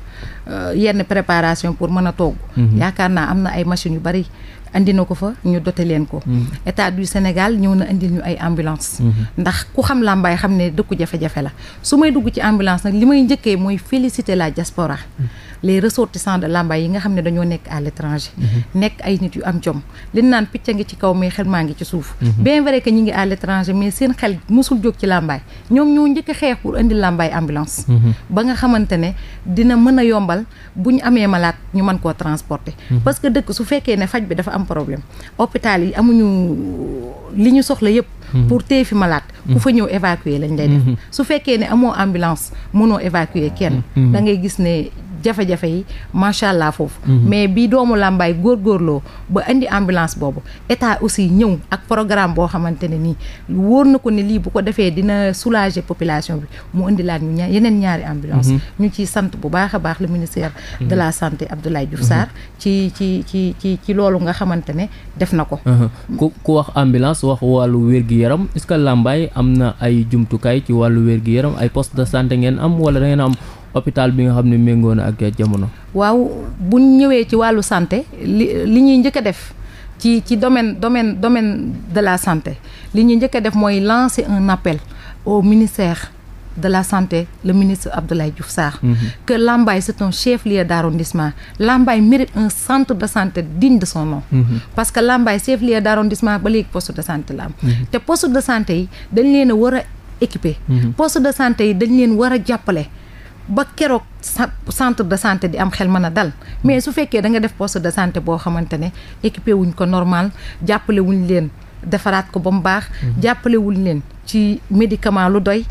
euh, yenn préparation pour mën a togg. Mm-hmm. yaakaar naa am na ay machines yu bari. andi na ko fa ñu dote leen ko. état du Sénégal ñëw na andil ñu ay ambulance ndax ku xam làmbaay xam ne dëkku jafe-jafe la su may dugg ci ambulance nag li may njëkkee mooy féliciter la diaspora. Mm. les ressortissants de Lambaye yi nga xam ne dañoo nekk à l'étranger nekk ay nit yu am jom li naan picc a ngi ci kaw mais xel maa ngi ci suuf mhm. bien vrai que ñi ngi à l'étranger mais seen xel mosul jóg ci Lambaye ñoom ñoo njëkk a xeex pour indi Lambaye ambulance mhm. ba nga xamante ne dina mën a yombal bu ñu amee malaat ñu mën koo transporter mhm. parce que dëkk su fekkee ne faj bi dafa am problème hôpital yi amuñu li ñu soxla yëpp pour téye fi malaat ku fa ñëw évacuer lañ lay def su fekkee ne amoo ambulance mënoo évacuer kenn jafe-jafe yi macha allah foofu. Mhm. mais bi doomu làmbaay góorgóorloo ba indi ambulance boobu état aussi ñëw ak programme boo xamante ne nii wóor na ko ne lii bu ko defee dina soulager population bi mu indi laat yeneen ñaari ambulance mhm. ñu ciy sant bu baax a baax le ministère. Mhm. de la santé Abdoulaye Diouf Sarr. ci ci ci ci ci loolu nga xamante ne def na ko. ku ku wax ambulance wax wàllu wér gi yaram est que làmbaay am na ay jumtukaay ci wàllu wér-gu-yaram ay poste de santé ngeen am wala da am. hôpital bi nga xam ne méngoo ak ak jamono. waaw bu ñëwee ci wàllu santé li li ñuy njëkk a def ci ci domaine domaine domaine de la santé li ñuy njëkk def mooy lancer un appel au ministère. de la santé le ministre Abdoulaye Diouf Sarr. Mm -hmm. que Lambaye c'est un chef-lieu Lambaye mérite un centre de santé digne de son mhm. parce que Lambaye chef-lieu d'arrondissement ba léegi poste de santé la am. Mhm. te poste de santé yi dañ leen a war a équiper. Mhm. poste de santé yi dañ leen war a jàppale. ba keroog centre de santé di am xel man a dal mais su fekkee da nga def poste de santé boo xamante ne équipé wuñ ko normal jàppalewuñ leen defaraat ko ba mu baax. Mhm. jàppale leen ci médicament lu doy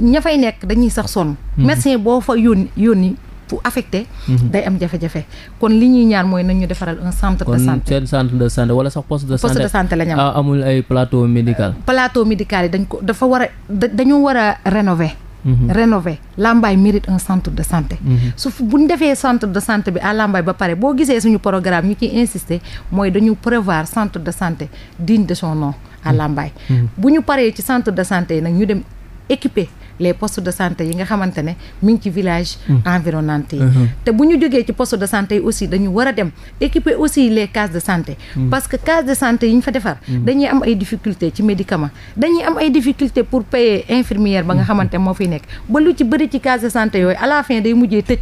ña fay nekk dañuy sax sonn. Mhm. médecin boo fa yónni yónni. fu affecté. Mhm. day am jafe-jafe kon li ñuy ñaan mooy nañu defaral un centre de santé kon seen wala sax poste de santé poste de santé la ñu amul ay plateau médical. plateau médical yi dañ ko dafa war a dañu war a rénover. Mhm. rénové lambay mérite un centre de santé. Mhm. su bu ñu defee centre de santé bi à lambay ba pare boo gisee suñu programme ñu ciy insister mooy dañu prévoir centre de santé digne de son nom à mhm. lambay bu ñu paree ci centre de santé yi nag ñu dem équiper. les post de santé yi nga xamante ne mi ngi ci village mm. environnante yi uh-huh. te bu ñu jógee ci poste de santé yi aussi dañu war a dem équiper aussi les cases de santé mm. parce que case de santé yi ñu fa defar mm. dañuy am ay difficulté ci médicament dañuy am ay difficulté pour payer infirmière ba nga xamante moo fiy nekk ba lu ci bëri ci case de santé yooyu à day mujjee tëj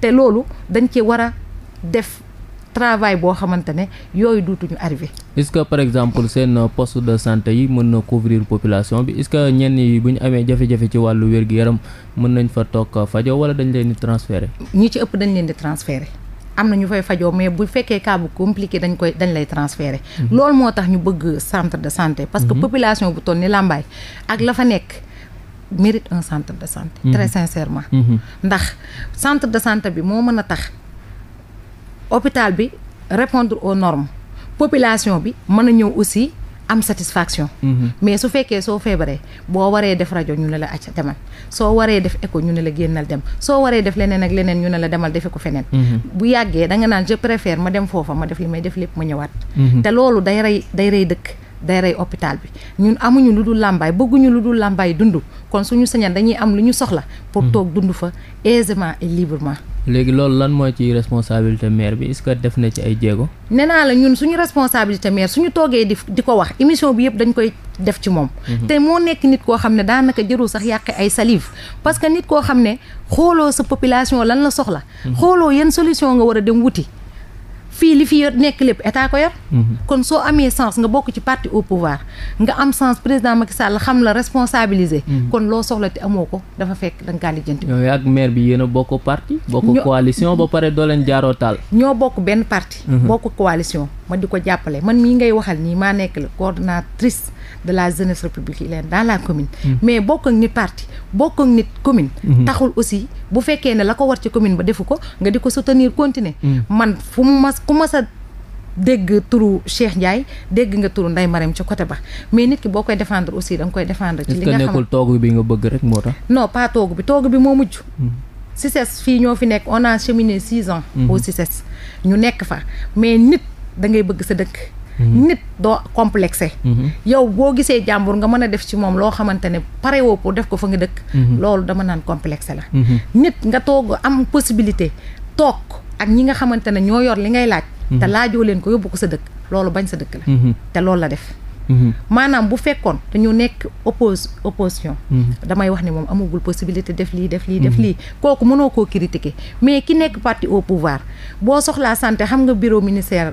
te loolu dañ ci war a def travail boo xamante ne yooyu dootuñu arrivé. est que par exemple seen poste de santé yi mën na couvrir population bi est-ce que ñenn yi bu ñu amee jafe-jafe ci wàllu wér-gu-yaram mën nañ fa toog fajoo wala dañ leen di transférer. ñi ci ëpp dañ leen di transférer. am na ñu fay fajoo mais bu fekkee cas bu compliqué dañ koy dañ lay transférer. Mhm. lool moo tax ñu bëgg centre de santé. parce que mhm. population bu toll ni Lambaye ak la fa nekk. mérite un centre de santé. Mhm. très sincèrement. ndax centre de bi moo mën a tax. hôpital bi répondre aux norme population bi mën na ñëw aussi am satisfaction. Mhm. mais su fekkee soo feebaree boo waree def rajo ñu ne la acca demal soo waree def écho ñu ne la génnal dem soo waree def leneen ak leneen ñu ne la demal defe ko feneen. Mhm. bu yàggee danga naan je préfère ma dem foofa ma def li may def lépp ma ñëwaat. Mhm. te loolu day rey day rey dëkk. day rey hôpital bi ñun amuñu lu dul làmbaay bëgguñu lu dul làmbaay dund kon suñu sañan dañuy am lu ñu soxla pour hmm. toog dund fa aisément et librement léegi loolu lan mooy ci responsabilité maire bi est que def na ci ay jéego nee naa la ñun suñu responsabilité maire suñu toogee di di ko wax émission bi yëpp dañ koy def ci moom hmm. te moo nekk nit koo xam ne daanaka jërul sax yàq ay salive parce que nit koo xam ne xooloo sa population lan la soxla hmm. xooloo yan solution nga war a dem wuti fii li fi yor nekk lépp état ko yor. Mhm. kon soo amee sens nga bokk ci parti au pouvoir nga am sens président Macky Sall xam la responsabiliser. Mhm. kon loo soxla te amoo ko dafa fekk da nga kaa lijjanti. yooyu ak maire bi yéen a bokk parti. ko coalition ba pare doo leen jaaroo taal. ñoo bokk benn parti. Mhm. bokk coalition. ma di ko jàppale man mi ngay waxal nii maa nekk la coordonnatrice de la jeunesse républicaine dans la commune. Mm. mais bokk nit parti bokk ak nit commune. Mm-hmm. taxul aussi bu fekkee ne la ko war ci commune ba defu ko nga di ko soutenir continuer. Mm. man fu mu mas ku mas sa dégg turu Cheikh Ndiaye dégg nga turu Ndeye Marème ci côté ba mais nit ki boo koy défendre aussi danga koy défendre. ci li nga nekkul toog bi nga bëgg rek moo tax. non pas toog bi toog bi moo mujj. CICES mm. fii ñoo fi nekk on a cheminé six ans. Mm-hmm. au CICES ñu nekk fa mais nit. da ngay bëgg sa dëkk mhm. nit doo complexé mhm. yow boo gisee jàmbur nga mën a def ci moom loo xamante ne pare woo pour def ko fa nga dëkk mhm. loolu dama naan complexé la nit nga toog am possibilité toog ak ñi nga xamante ne ñoo yor li ngay laaj te laajoo leen ko yóbbu ko sa dëkk loolu bañ sa dëkk la te loolu la def maanaam bu fekkoon dañu nekk oppose opposition damay wax ne moom amagul possibilité def lii def lii def lii kooku mënoo koo critiquer mais ki nekk parti au pouvoir boo soxlaa santé xam nga bureau ministère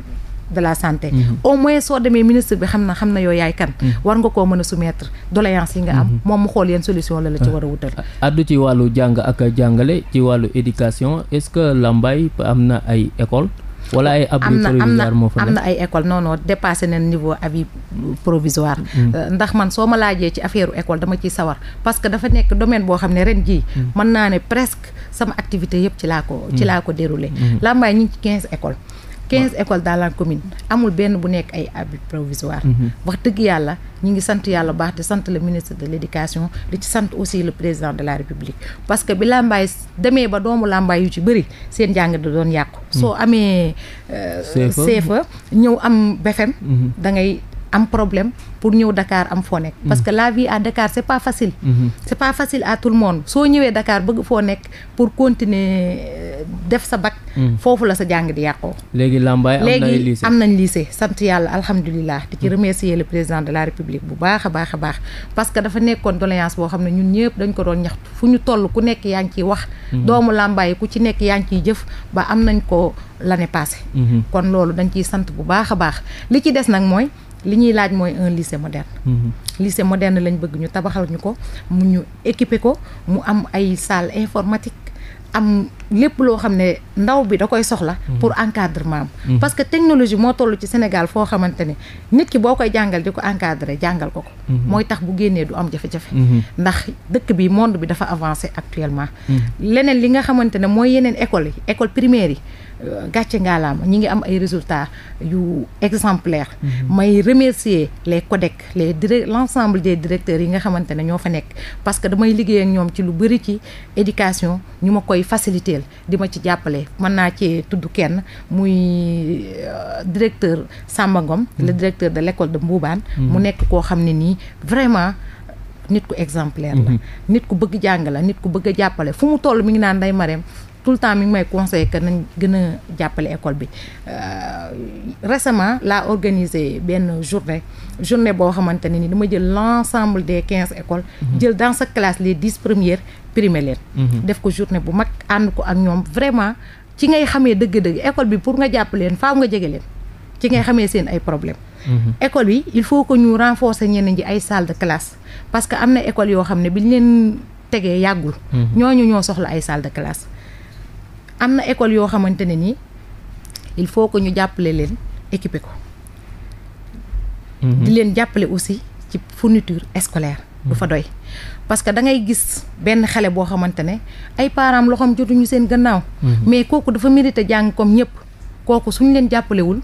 de la santé. Mm-hmm. au moins soo demee ministre bi xam na xam na yow yaay kan. Mm-hmm. war nga koo mën a soumettre doléance yi nga am. Mm-hmm. moom mu xool yenn solution la la ci war a ah. wutal. addu ci wàllu jàng ak jàngale ci wàllu éducation est-ce que Lambaye am na ay école wala ay abri provisoire moo am na ay école non non dépassé nañ niveau abri provisoire euh, ndax man soo ma laajee ci affaire école dama ciy sawar parce que dafa nekk domaine boo xam ne ren jii mën naa ne presque sama activité yëpp ci laa ko ci laa ko déroulé Lambaye ñu ngi ci quinze écoles quinze écoles dans la commune amul benn bu nekk ay abris provisoires mhm. wax dëgg yàlla ñu ngi sant yàlla baax di sant le ministre de l' éducation di ci sant aussi le président de la république parce que bi làmbaay demee ba doomu làmbaay yu ci bëri seen njàng da doon yàqu mhm. soo amee CFA euh, ñëw am BFEM mhm. da ngay am problème pour ñëw dakaar am foo nekk. parce mm. que la vie à Dakar c'est pas facile. Mm-hmm. c'est pas facile à tout le soo ñëwee Dakar bëgg foo nekk pour continuer euh, def sa bac. Mm. foofu la sa jàng di yàqoo. léegi Lambaye am nañ lycée am nañ lycée sant yàlla alhamdulilah. di ci mm. remercier le président de la république bu baax a baax a baax parce que dafa nekkoon doléance boo xam ne ñun ñëpp dañ ko doon ñaxtu fu ñu toll ku nekk yaa ngi ciy wax. Mm-hmm. doomu Lambaye ku ci nekk yaa ngi ciy jëf ba am nañ ko l'année passée. Mm-hmm. kon loolu dañ ciy sant bu baax a baax li ci des nag mooy. li ñuy laaj mooy un lycée moderne. Mhm. lycée moderne lañ bëgg ñu tabaxal ñu ko mu ñu équiper ko mu am ay salle informatique am lépp loo xam ne ndaw bi da koy soxla. Mhm. pour encadrement am. Mhm. parce que technologie moo toll ci Sénégal foo xamante ne nit ki boo koy jàngal di ko encadrer jàngal ko ko. mooy tax bu génnee du am jafe-jafe. ndax dëkk bi monde bi dafa avancé actuellement. leneen li nga xamante ne mooy yeneen école yi école primaire yi. Euh, gàcce ngaalaama ñi ngi am ay résultats yu exemplaires. Mhm. may remercier les CODEC les dire l' ensemble des directeurs yi nga xamante ne ñoo fa nekk parce que damay liggéey ak ñoom ci lu bëri ci éducation ñu ma koy faciliter di ma ci jàppale mën naa cee tudd kenn muy euh, directeur Samba Ngom mhm. le directeur de l' de Mboubane mhm. mu nekk koo xam ne nii vraiment nit ku exemplaire la nit ku bëgg jàng la nit ku bëgg a jàppale fu mu toll mi ngi naan day mareem tout le temps mi ngi may conseillé que nañ gën a jàppale école bi euh, récemment laa organisé benn journée journée boo xamante ne ni dama jël l'ensemble des quinze école mhm. jël dans sa classe les dix première primé leen mhm. def ko journée bu mag ànd ko ak ñoom vraiment ci ngay xamee dëgg-dëgg école bi pour nga jàpp leen faaw nga jege leen ci ngay xamee seen ay problème mhm. école yi il faut que ñu renforcer ñeneen ji ay salle de classe parce que am na école yoo xam ne bi ñu leen tegee yàggul ñooñu ñoo ay salle de classe am na école yoo xamante ne nii il faut que ñu jàppale leen équiper ko. Mhm. di leen jàppale aussi ci fourniture scolaire. du fa mhm. doy parce que da ngay gis benn xale boo xamante ne ay parents am loxoom jotuñu seen gannaaw. Mhm. mais kooku dafa mérité jàng comme ñëpp kooku suñu leen jàppalewul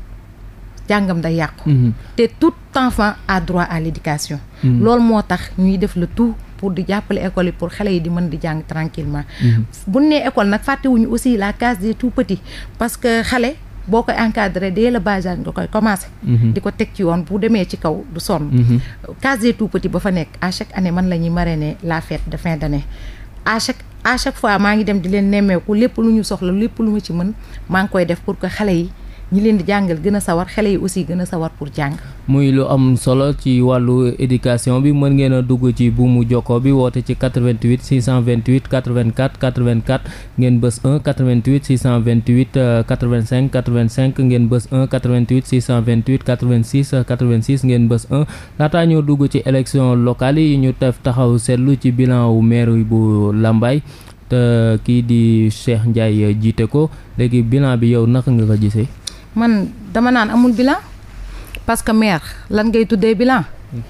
jàngam day yàqu. te tout temps a à l'éducation. loolu moo tax ñuy def le tout. pour di jàppale école yi pour xale yi di mën di jàng tranquillement mhm. bu ñu nee école nag fàttewuñu aussi la case des tout petits parce que xale boo koy encadré dès le bas âge nga koy commencé. Mhm. di ko teg ci yoon bu demee ci kaw du sonn. Mhm. case des tout petits ba fa nekk à chaque année man la ñuy marrainer la fête de d' année à chaque fois maa ngi dem di leen nemmeeku lépp lu ñu soxla lépp lu ma ci mën maa ngi koy def pour que xale yi. ñi leen di jàngal gën a sawar xale yi aussi gën a sawar pour jàng. muy lu am solo ci wàllu éducation bi mën ngeen a dugg ci buumu jokkoo bi woote ci 88 628 84 84 ngeen bës 1 88 628 85 85 ngeen bës 1 88 628 86 86 ngeen bës 1 laataa ñoo dugg ci élection locale yi ñu def taxaw seetlu ci bilan wu maire bu Lambaye. te kii di Cheikh Ndiaye jiite ko léegi bilan bi yow naka nga ko gisee. man dama naan amul bilan parce que maire lan ngay tuddee bilan mhm.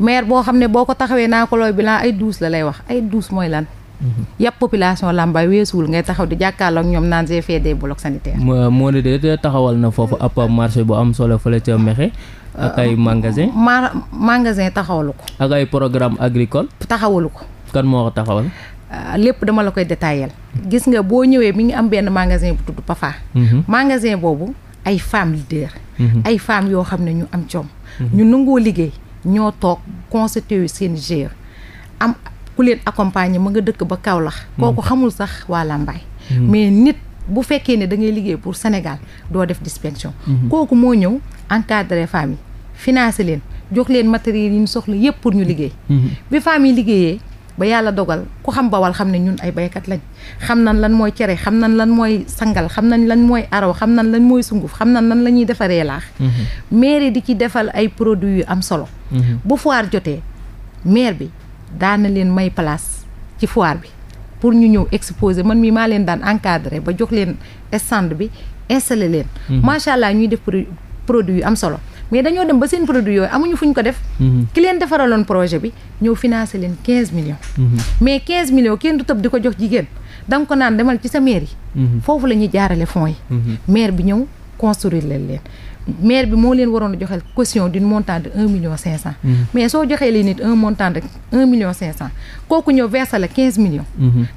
maire boo xam ne boo ko taxawee naa ko looy bilan ay douze la lay wax ay douze mooy lan mhm. yàpp population Lambaye weesuwul ngay taxaw di jàkkaarloo ak ñoom naan j'ai fait des blocs sanitaires. moo ne de taxawal na foofu ab marché bu am solo fële ca Mexe ak ay euh, magasin ma magasin taxawalu ko. ak ay programme agricole. taxawalu ko. kan moo ko taxawal. Euh, lépp dama la koy détaillé. gis nga boo ñëwee mi ngi am benn magasin tudd Pafa. Mhm. ay femmes leaders. Mhm. ay femmes yoo xam ne ñu am jom. Mhm. ñu nangoo liggéey ñoo toog constitué seen GIE am ku leen accompagner ma nga dëkk ba Kaolack. Mhm. kooku xamul sax waa Lambaye. mais nit bu fekkee ne da ngay liggéey pour Sénégal doo def dispension. kooku moo ñëw encadrer femmes yi financer leen jox leen matériel yi ñu soxla yépp pour ñu liggéey. bi femmes yi liggéeyee. ba yàlla dogal ku xam bawal xam ne ñun ay baykat lañ xam nan lan mooy cere xam nan lan mooy sangal xam nañ lan mooy araw xam nan lan mooy sunguf xam nan lan la ñuy defaree laax mhm. maire di ci defal ay produits yu am solo mhm. bu foire jotee maire bi daana leen may place ci foire bi pour ñu ñëw exposé man mii maa leen daan encadrer ba jox leen stand bi installé leen mhm. macha allah ñuy def produit yu am solo mais dañoo dem ba seen produit yooyu amuñu fuñ ko def. Mhm. ki leen defaraloon projet bi ñëw financé leen 15 millions. Mhm. mais 15 millions kenn du tëb di ko jox jigéen da ko naan demal ci sa yi mhm. foofu la ñuy jaarale fonds yi. maire bi ñëw construire leen leen. maire bi moo leen waroon a joxel caution d'une montant de un million cinq cent mais soo joxee li nit un montant de un million cinq cent kooku ñëw versé la quinze millions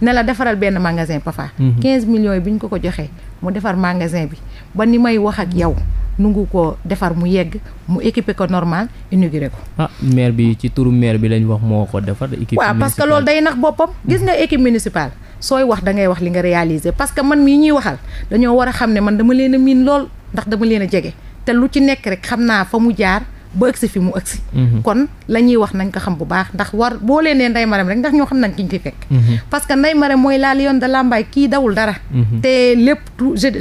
ne la defaral benn magasin Pafa quinze millions yi ko ko joxee mu defar magasin bi ba ni may wax ak yow nungu ko defar mu yegg mu équiper ko normal inauguré ko. ah maire bi ci turu maire bi lañ wax moo ko defar. équipe municipale waaw parce que loolu day nax boppam. gis nga équipe municipale sooy wax da ngay wax li nga réaliser parce que man mii ñuy waxal dañoo war a xam ne man dama leen a miin lool ndax dama leen a jege te lu ci nekk rek xam naa fa mu jaar. ba ëgsi fi mu ëgsi mhm. kon la ñuy wax nañ ko xam bu baax ndax war boo leenee nee Ndeye rek ndax ñoo xam nañ ki ñu fi fekk mhm. parce que Ndeye Marème mooy la lionne de Lambaye kii dawul dara mhm. te lépp tout j'ai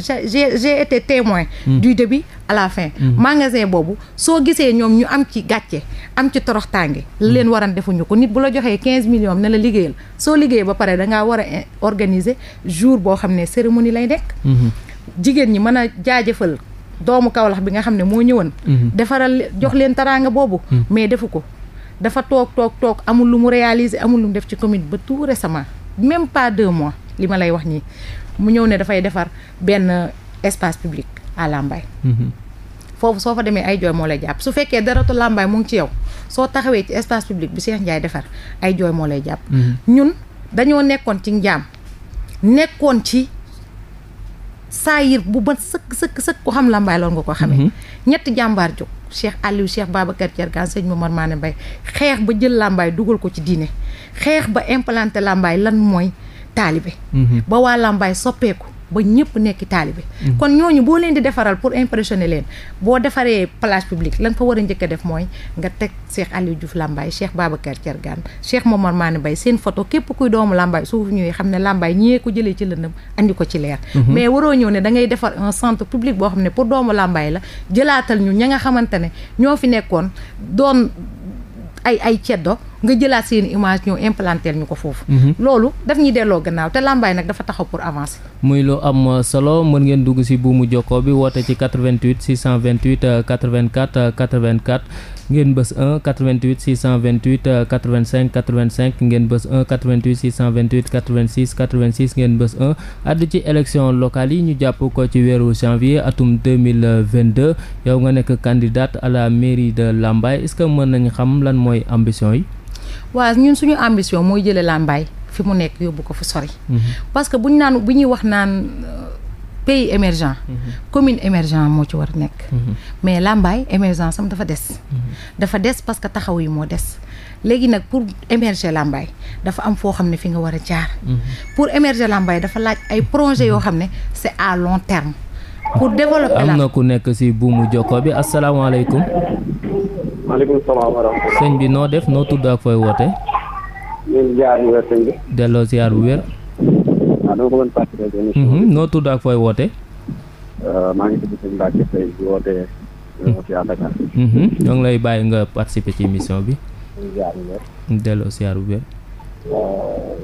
j'ai été témoin du début à la fin magasin boobu soo gisee ñoom ñu am ci gàcce am ci toroxtaange la leen waran defuñu ko nit bu la joxee quinze millions ne la liggéeyal soo liggéey ba pare dangaa war a organiser jour boo xam ne cérémonie lay nekk jigéen ñi mën a jaajëfal doomu Kaolack bi nga xam ne moo ñëwoon. Mhm. defaral jox leen taraanga boobu. Mhm. mais defu ko dafa toog toog toog amul lu mu réaliser amul lu mu def ci commune ba tout sama même pas deux mois li ma lay wax nii mu ñëw ne dafay defar benn espace public à Lambaye. Mhm. foofu soo fa demee ay jooy moo lay jàpp su fekkee daratu Lambaye mu ngi ci yow soo taxawee ci espace public bi Cheikh Ndiaye defar ay jooy moo lay jàpp. ñun dañoo nekkoon ci njaam nekkoon ci. saa saayir bu ba sëkk sëkk sëkk ku xam làmbaay loolu nga ko xamee mhm. ñetti jàmbaar jóg Cheikh Aliou baaba Babacar Thiergane sëñ maa ne Mbaye xeex ba jël làmbaay dugal ko ci diine xeex ba implanté làmbaay lan mooy taalibe mhm. ba waa làmbaay soppeeku ba ñëpp nekk taalibe mm-hmm. kon ñooñu boo leen di defaral pour impressionner leen boo defaree place publique lan nga fa war a njëkk a def mooy nga teg Cheikh Aliou Diouf Lambaye Cheikh Babacar Thiergane Cheikh Momar Mané Mbaye seen photo képp kuy doomu Lambaye suuf ñëwee xam ne Lambaye ñee ko jëlee ci lëndëm indi ko ci leer mm-hmm. mais waroo ñëw ne da ngay defar un centre public boo xam ne pour doomu Lambaye la jëlaatal ñu ña nga xamante ne ñoo fi nekkoon doon ay ay ceddo nga jëlaat seen image ñoo implanter ñu ko foofu. Mhm. loolu daf ñuy delloo gannaaw te làmbaay nag dafa taxaw pour avancer. muy lu am solo mën ngeen dugg ci buumu jokkoo bi woote ci 88 628 84 84 ngeen bës 1 88 628 85 85 ngeen bës 1 88 628 86 86 ngeen bës 1 àddu ci élection locale yi ñu jàpp ko ci weeru janvier atum 2022 yow nga nekk candidate à la mairie de Lambaye est-ce que mën nañu xam lan mooy ambition yi. waaye ñun suñu ambition mooy jëlee làmbaay fi mu nekk yóbbu ko fu sori. Mhm. parce que bu ñu naan bu ñuy wax naan euh, pays émergent. Mhm. commune émergent moo ci war a nekk. Mhm. mais làmbaay émergence am dafa des. dafa des parce que taxaw yi moo des. léegi nag pour émerger làmbaay dafa am foo xam ne fi nga war a jaar. pour émerger làmbaay dafa laaj ay projet yoo xam ne c'est à long terme. pour développer la am na ku nekk ci buumu jokkoo bi asalaamaaleykum. maaleykum salaam wa bi noo def noo tudd ak fooy woote. ñun ziar bu wér sëñ bi. delloo ziar ah, mhm. noo tudd ak fooy woote. Euh, euh, mhm. mhm. ñoo ngi lay bàyyi nga participer ci émission bi. ziar bu bu wér. Euh,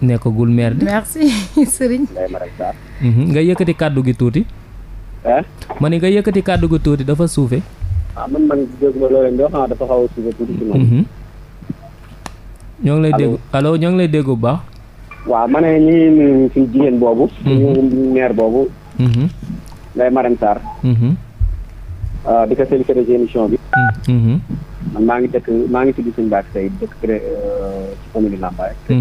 nekkagul maire de. nga yëkkati kàddu gi tuuti. ah. ma ni nga yëkkati kàddu gu tuuti dafa suufe ah man man dégguma loo leen ah, a suufe mhm. ñoo ngi lay dégg allo ñoo ngi lay dégg bu baax. waaw ma ne ñu ngi nuyu suñu jigéen boobu. Mhm. suñu maire boobu. Mhm. Ndeye Marème Sarr. Ah, bi. man maa ngi dëkk maa ngi tudd suñu baak say dëkk pré euh, ci commune Lambaye. Ah,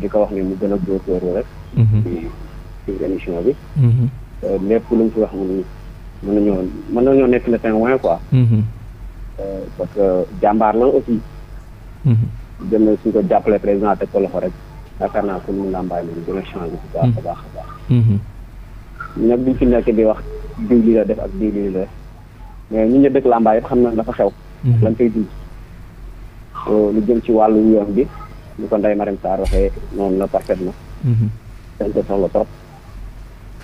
di ko wax ne mu gën a góorgóorlu rek. ci émission bi. Mm-hmm. Euh, lépp lu mu fi wax mën mën nañoo mën nañoo nekk le témoin quoi. Mm-hmm. Euh, parce que jàmbaar la aussi. Mm-hmm. dem na suñ ko jàppale président teg ko loxo rek yaakaar naa ko mun naa mbaay moom dina changé a a baax. nag biñ fi nekk di wax diw lii la def ak diw lii la mais ñun ñëpp dëkk Lambaye yëpp xam na dafa xew. lañ koy dund. lu jëm ci wàllu yoon bi ñu ko Ndeye Marème Sarr waxee noonu la parfaitement. dañ ko soxla trop.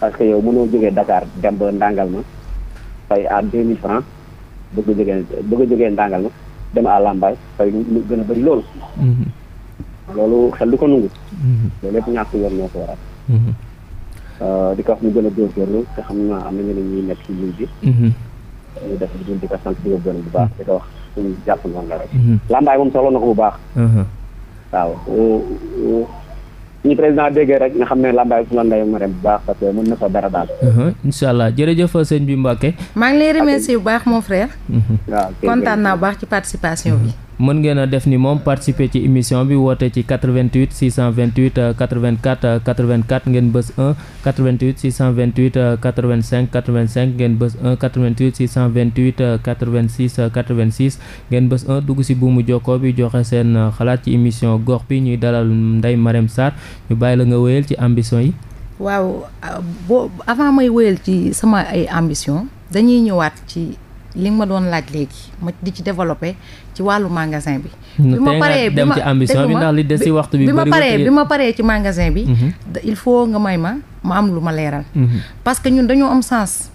parce que yow mënoo jógee Dakar dem ba ndàngal ma fay à deux mille francs bëgg a jógee bëgg a jógee ndàngal ma dem à Lambaye fay lu gën a bëri loolu mm-hmm. loolu xel du ko nangu mm-hmm. loolu yëpp ñàkk yoon moo ko waral mm-hmm. euh, di ko wax ñu gën a góorgóorlu rek Lambaye moom soxla na ko bu baax uh-huh. waaw ñu président déggee rek nga xam ne làmbaay fu la ngay ma bu baax parce que mën na fa dara daal. Uh-huh. incha allah jërëjëf sëñ bi Mbacke. maa ngi lay remercier bu baax mon frère. Uh-huh. waaw kontaan naa baax ci participation bi. mën ngeen def ni moom participer ci émission bi wootee ci 88 628 84 84 ngeen bës 1 88 628 85 85 ngeen bës 1 88 628 86 86 ngeen bës 1 dugg si buumu jokkoo bi joxe seen euh, xalaat ci émission gox bi ñuy dalal Ndeye Marème Sarr ñu bàyyi la nga wéyal ci ambition yi. waaw euh, boo avant may wéyal ci sama ay ambition dañuy ñëwaat ci. li nga ma doon laaj léegi ma di ci développé ci wàllu magasin bi. bi ma paree bi ma bi ma paree bi ma paree ci magasin bi. Mhm. il faut nga may ma ma am lu ma leeral. Mhm. parce que ñun dañoo am sens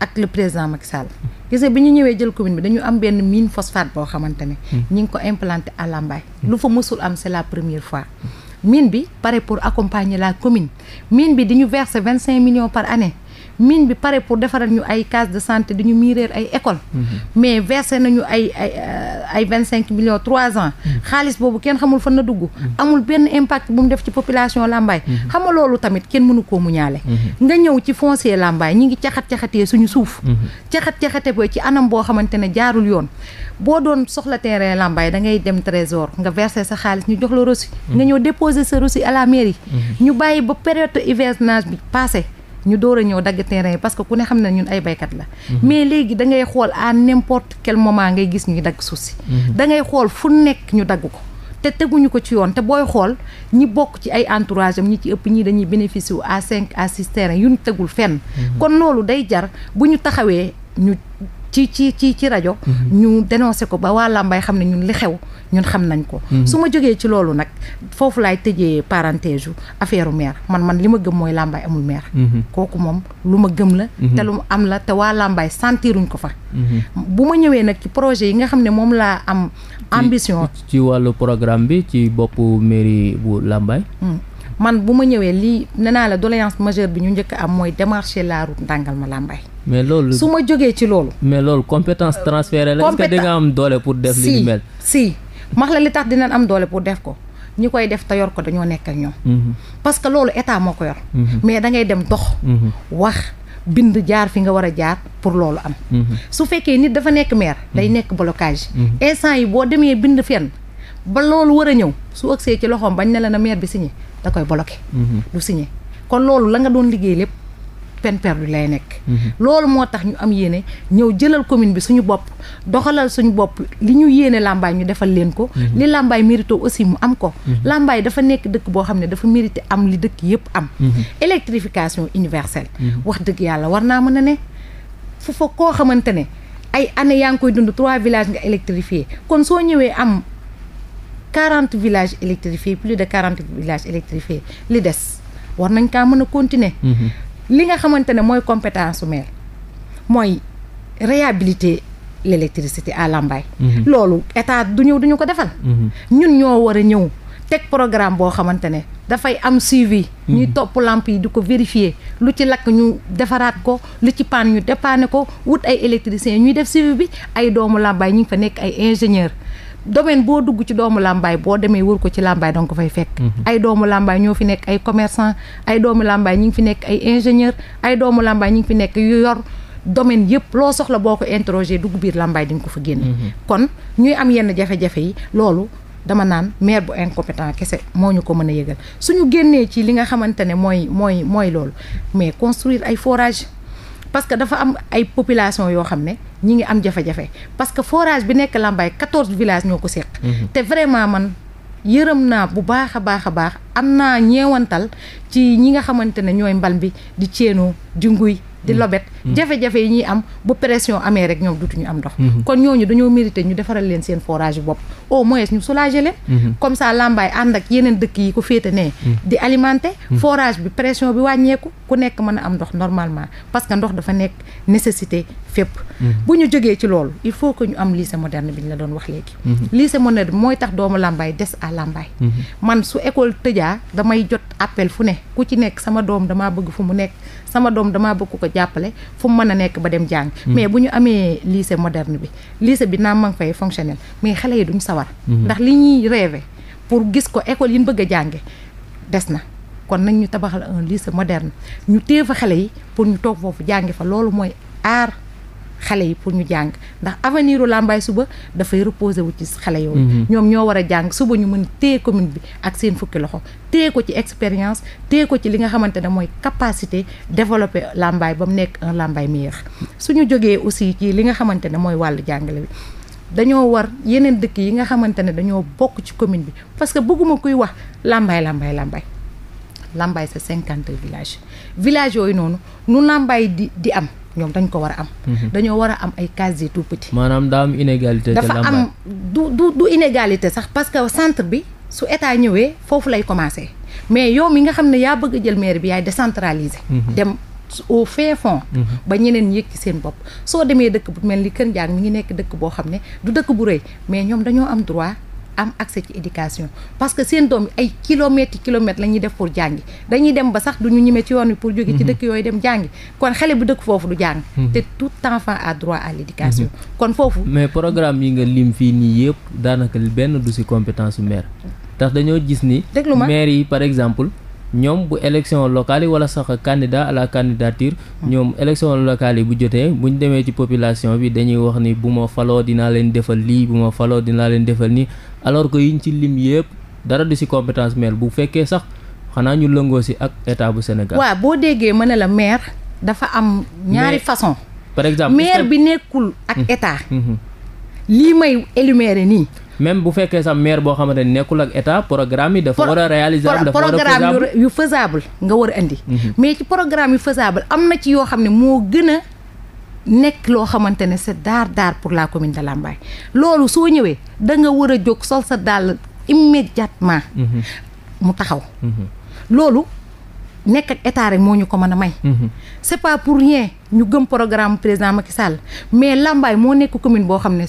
ak le président Macky Sall. gis nga bi ñu ñëwee jël commune bi dañu am benn mine phosphate boo xamante ne. Mhm. ñu ngi ko implanté à lu fa mësul am c'est la première fois. mine bi pare pour accompagner la commune mine bi di ñu verser vingt cinq millions par année. mine bi pare pour defaral ñu ay case de santé dañu miiréer ay école mhm. mais versé nañu ay ay euh, ay vingt cinq millions trois ans mhm. xaalis boobu kenn xamul fan na dugg mhm. amul benn impact bu mu def ci population Lambaye xam nga loolu tamit kenn mënu koo mu ñaale nga ñëw ci foncier Lambaye ñu ngi caxat-caxatee suñu suuf caxat-caxate ba ci anam boo xamante ne jaarul yoon boo doon soxla terrain Lambaye da ngay dem trésor nga versé sa xaalis ñu jox la reçu nga ñëw déposer sa la mairie ñu bàyyi ba période hivernage bi passé ñu door a ñëw dagg terrain yi parce que ku ne xam ne ñun ay baykat la mhm. mais léegi da xool à n'importe quel moment ngay gis ñuy dagg suuf si mhm. da xool fu nekk ñu dagg ko te teguñu ko ci yoon te booy xool ñi bokk ci ay entourage am ñi ci ëpp ñii dañuy bénéficier wu à cinq à six terrain yu ñu tegul fenn mhm. kon loolu day jar bu ñu taxawee ñu ci ci ci ci rajo. Mm-hmm. ñu dénoncé ko ba waa Lambaye xam ne ñun li xew ñun xam nañ ko. Mm-hmm. su ma jógee ci loolu nag foofu laay tëjee parenthèse yu affaire maire man man li ma gëm mooy Lambaye amul maire. Mm-hmm. kooku moom lu ma gëm la. te lu am la te waa Lambaye sentiruñ ko fa. bu ma ñëwee nag ci projet yi nga xam ne moom laa am. ambition ci wàllu programme bi ci boppu mairie bu Lambaye. Mm. man bu ma ñëwee lii nenaa naa la doléance majeure bi ñu njëkk am mooy démarcher la route ndàngal ma làmbaay mais loolu su ma jógee ci loolu. mais loolu compétence transférée la. est-ce que di nga am doole pour def. li mel si si max la am doole pour def ko. ñi koy def te yor ko dañoo nekk ak ñoom. Mhm. parce que loolu état moo ko yor. Mhm. mais dangay dem dox. Mhm. wax bind jaar fi nga war a jaar pour loolu am. su fekkee nit dafa nekk maire. day nekk blocage. instant yi boo demee bind fenn ba loolu war a ñëw su agsee ci loxoom bañ ne la na maire bi signé da koy bloqué. Mhm. du signé kon loolu la nga doon liggéey lépp peine perdue lay nekk. Mhm. loolu moo tax ñu am yéene ñëw jëlal commune bi suñu bopp doxalal suñu bopp li ñu yéene Lambaye ñu defal leen ko. Mhm. li Lambaye mérite aussi mu am ko. Lambaye dafa nekk dëkk boo xam ne dafa mérité am li dëkk yépp am. électrification universelle. wax dëgg yàlla war naa mën a ne fu fa koo xamante ne ay année yaa ngi koy dund trois villages nga électrifié 40 villages électrifiés plus de 40 villages électrifiés li des war nañ kaa mën a continuer. Mhm. li nga xamante ne mooy compétence su maire mooy réhabiliter l' à Lambaye. Mhm. loolu état du ñëw duñu ko defal. Mhm. ñun ñoo war a ñëw teg programme boo xamante ne dafay am suivi. ñuy topp lamp yi di ko vérifier lu ci lakk ñu defaraat ko lu ci paan ñu dépanner ko wut ay électriciens ñuy def suivi bi ay doomu Lambaye ñu ngi fa nekk ay ingénieurs. domaine boo dugg ci doomu làmbaay boo demee wër ko ci làmbaay danga ko fay fekk. Mhm. ay doomu làmbaay ñoo fi nekk ay commerçant ay doomu làmbaay ñi ngi fi nekk ay ingénieur ay doomu làmbaay ñi ngi fi nekk yu yor domaine yëpp loo soxla boo ko interroger dugg biir làmbaay di nga ko fa génne. Mhm. kon ñuy am yenn jafe-jafe yi loolu dama naan maire bu incompétent kese moo ñu ko mën a yëgal suñu génnee ci li nga xamante ne mooy mooy mooy loolu mais construire ay forage parce que dafa am ay population yoo xam ne ñi ngi am jafe-jafe parce que forage bi nekk Lambaye quatorze village ñoo ko seq. Mhm. te vraiment man yërëm naa bu baax a baax a baax am naa ñeewantal ci ñi nga xamante ne ñooy mbal bi di Céeno di Nguy di mm. lobet mm. jafe-jafe yi ñuy am bu pression amee rek ñoom dutuñu am ndox mm-hmm. kon ñooñu dañoo mérité ñu defaral leen seen forage bopp au moins ñu soulager leen mm-hmm. comme ça lambaay ànd ak yeneen dëkk yi ko féete nee mm. di alimenter forage bi pression bi wàññeeku ku nekk mën a am ndox normalement parce que ndox dafa nekk nécessité fépp mm-hmm. bu ñu jógee ci loolu il faut que ñu am lycée moderne bi ñu la doon wax léegi lycée moderne mooy tax doomu lambaay des à lambaay man su école tëjaa damay jot appel fu ne ku ci nekk sama doom damaa bëgg fu mu nekk sama doom jàppale fu mën a nekk ba dem jàng hmm. mais bu ñu amee lycée moderne bi lise bi naa ma ngi fay fonctionnel mais xale yi duñ sawar hmm. ndax li ñuy rêvé pour gis ko école yi ñu bëgg a jànge des na kon nag ñu tabaxal un lycée moderne ñu téye fa xale yi pour ñu toog foofu jànge fa loolu mooy aar xale yi pour ñu jàng ndax avenir u Lambaye suba dafay reposer wu ci xale yooyu. Mhm. ñoom ñoo war a jàng suba ñu mën téye commune bi ak seen fukki loxo téye ko ci expérience téye ko ci li nga xamante ne mooy capacité développer Lambaye ba mu nekk un Lambaye meilleur suñu jógee aussi ci li nga xamante ne mooy wàllu jàngale bi. dañoo war yeneen dëkk yi nga xamante ne dañoo bokk ci commune bi parce que bëgguma kuy wax Lambaye Lambaye Lambaye Lambaye sa cinquante villages village yooyu noonu nu Lambaye di di am ñoom dañ ko war a am. Mhm. dañoo war a am ay case tout petit. maanaam daa am inégalité. dafa am du du du inégalité sax parce que centre bi su état ñëwee foofu lay commencé mais yow mi nga xam ne yaa bëgg a jël maire bi yaay décentraliser. Mhm. dem au fin fond. Mhm. ba ñeneen yëg ci seen bopp soo demee dëkk bu mel ni Kër Ndiang mi ngi nekk dëkk boo xam ne du dëkk bu rëy mais ñoom dañoo am droit. am accès ci éducation parce que seen doom ay kilomètres yi kilomètres la ñuy def pour jàngi dañuy dem ba sax du ñu ñime ci yoon wi pour jóge ci mhm. dëkk yooy dem jàngi kon xale bu dëkk foofu du jàng mhm. te tout temps a droit à l'éducation mhm. kon foofu mais programme yi nga lim fii nii yëpp daanaka benn du si compétence yu tax dañoo gis ni maire yi par exemple ñoom bu élection locale yi wala sax candidat à la candidature ñoom élection locale yi bu jotee bu ñu demee ci population bi dañuy wax ni bu ma faloo dinaa leen defal lii bu ma faloo dinaa leen defal nii alors que yiñ ci lim yëpp dara du si compétence maire bu fekkee sax xanaa ñu lëngoo si ak état bu Sénégal. waaw boo déggee mën na la maire dafa am. ñaari façon par exemple maire bi nekkul ak état. lii may élumérer nii. même bu fekkee sax maire boo xamante ne nekkul ak état programme yi dafa war a réalisable dafa war a programme yu faisable nga war a indi mhm. mais ci programme yu faisable am na ci yoo xam ne moo gën a nekk loo xamante ne c'est daar daar pour la commune de Lambaye loolu soo ñëwee da nga war a jóg sol sa dàll immédiatement mhm. mu taxaw mhm. loolu nekk ak état rek moo ñu ko mën a may c'est pas pour rien ñu gëm programme président Macky Sall mais Lambaye moo nekk commune boo xam ne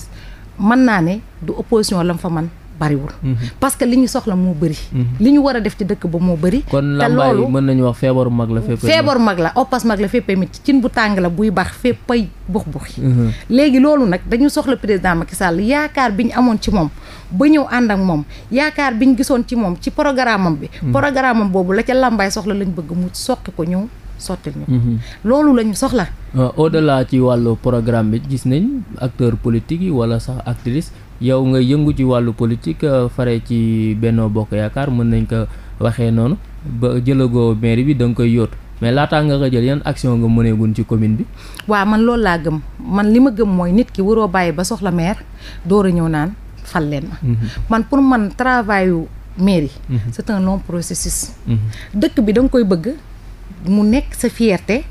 mën naa ne du opposition mu fa man bariwul mhm. parce que li ñu soxla moo bëri mhm. li ñu war a def ci dëkk ba moo bëri kon lambaay mën nañu wax feebaru mag la fépp feebaru mag la oppas mag la féppay mit cin bu tàng la buy bax féppay bux buxi mhm. léegi loolu nag dañu soxla président Macky Sall yaakaar bi ñu amoon ci moom ba ñëw ànd ak moom yaakaar bi ñu gisoon ci moom ci programme bi programme boobu la ca làmbaay soxla lañ bëgg mu soqi ko ñëw sottil ñu mhm. loolu lañu soxla euh, au delà ci wàllu programme bi gis nañ acteur politique yi wala sax actrice yow nga yëngu ci wàllu politique euh, fare ci Benno Bokk Yaakaar mën nañ ko waxee noonu ba jëlagoo mairie bi da nga koy yóotu mais laataa nga ko jël yan action nga mëneegun ci commune bi waa man loolu laa gëm man li ma gëm mooy nit ki waroo bàyyi ba soxla maire door a ñëw naan fal leen ma mhm. man pour man travail yu mairie mhm. c'est un processus dëkk bi da koy bëgg mu nekk sa fierté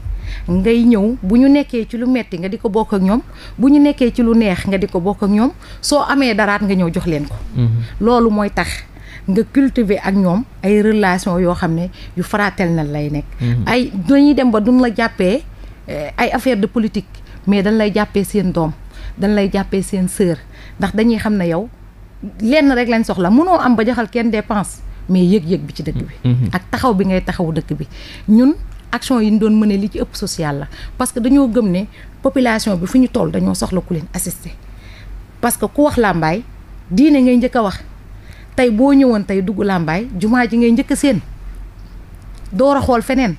ngay ñëw bu ñu nekkee ci lu metti nga di ko bokk ak ñoom bu ñu nekkee ci lu neex nga di ko bokk ak ñoom soo amee daraat nga ñëw jox leen ko. Mm-hmm. loolu mooy tax nga cultiver ak ñoom ay relation yoo xam ne yu fraternel lay nekk. Mm-hmm. ay dañuy dem ba duñ la jàppee eh, ay affaire de politique mais dañ lay jàppee seen doom dañ lay jàppee seen sœur ndax dañuy xam ne yow lenn rek lañ soxla mënoo am ba joxal kenn dépense. mais yëg-yëg bi ci dëkk bi mm-hmm. ak taxaw bi ngay taxaw dëkk bi ñun action yi ñu doon mëne li ci ëpp social la parce que dañoo gëm ne population bi fu ñu toll dañoo soxla ku leen assister parce que ku wax làmbaay diine ngay njëkk a wax tey boo ñëwoon tey dugg làmbaay jumaa ji ngay njëkk a seen door a xool feneen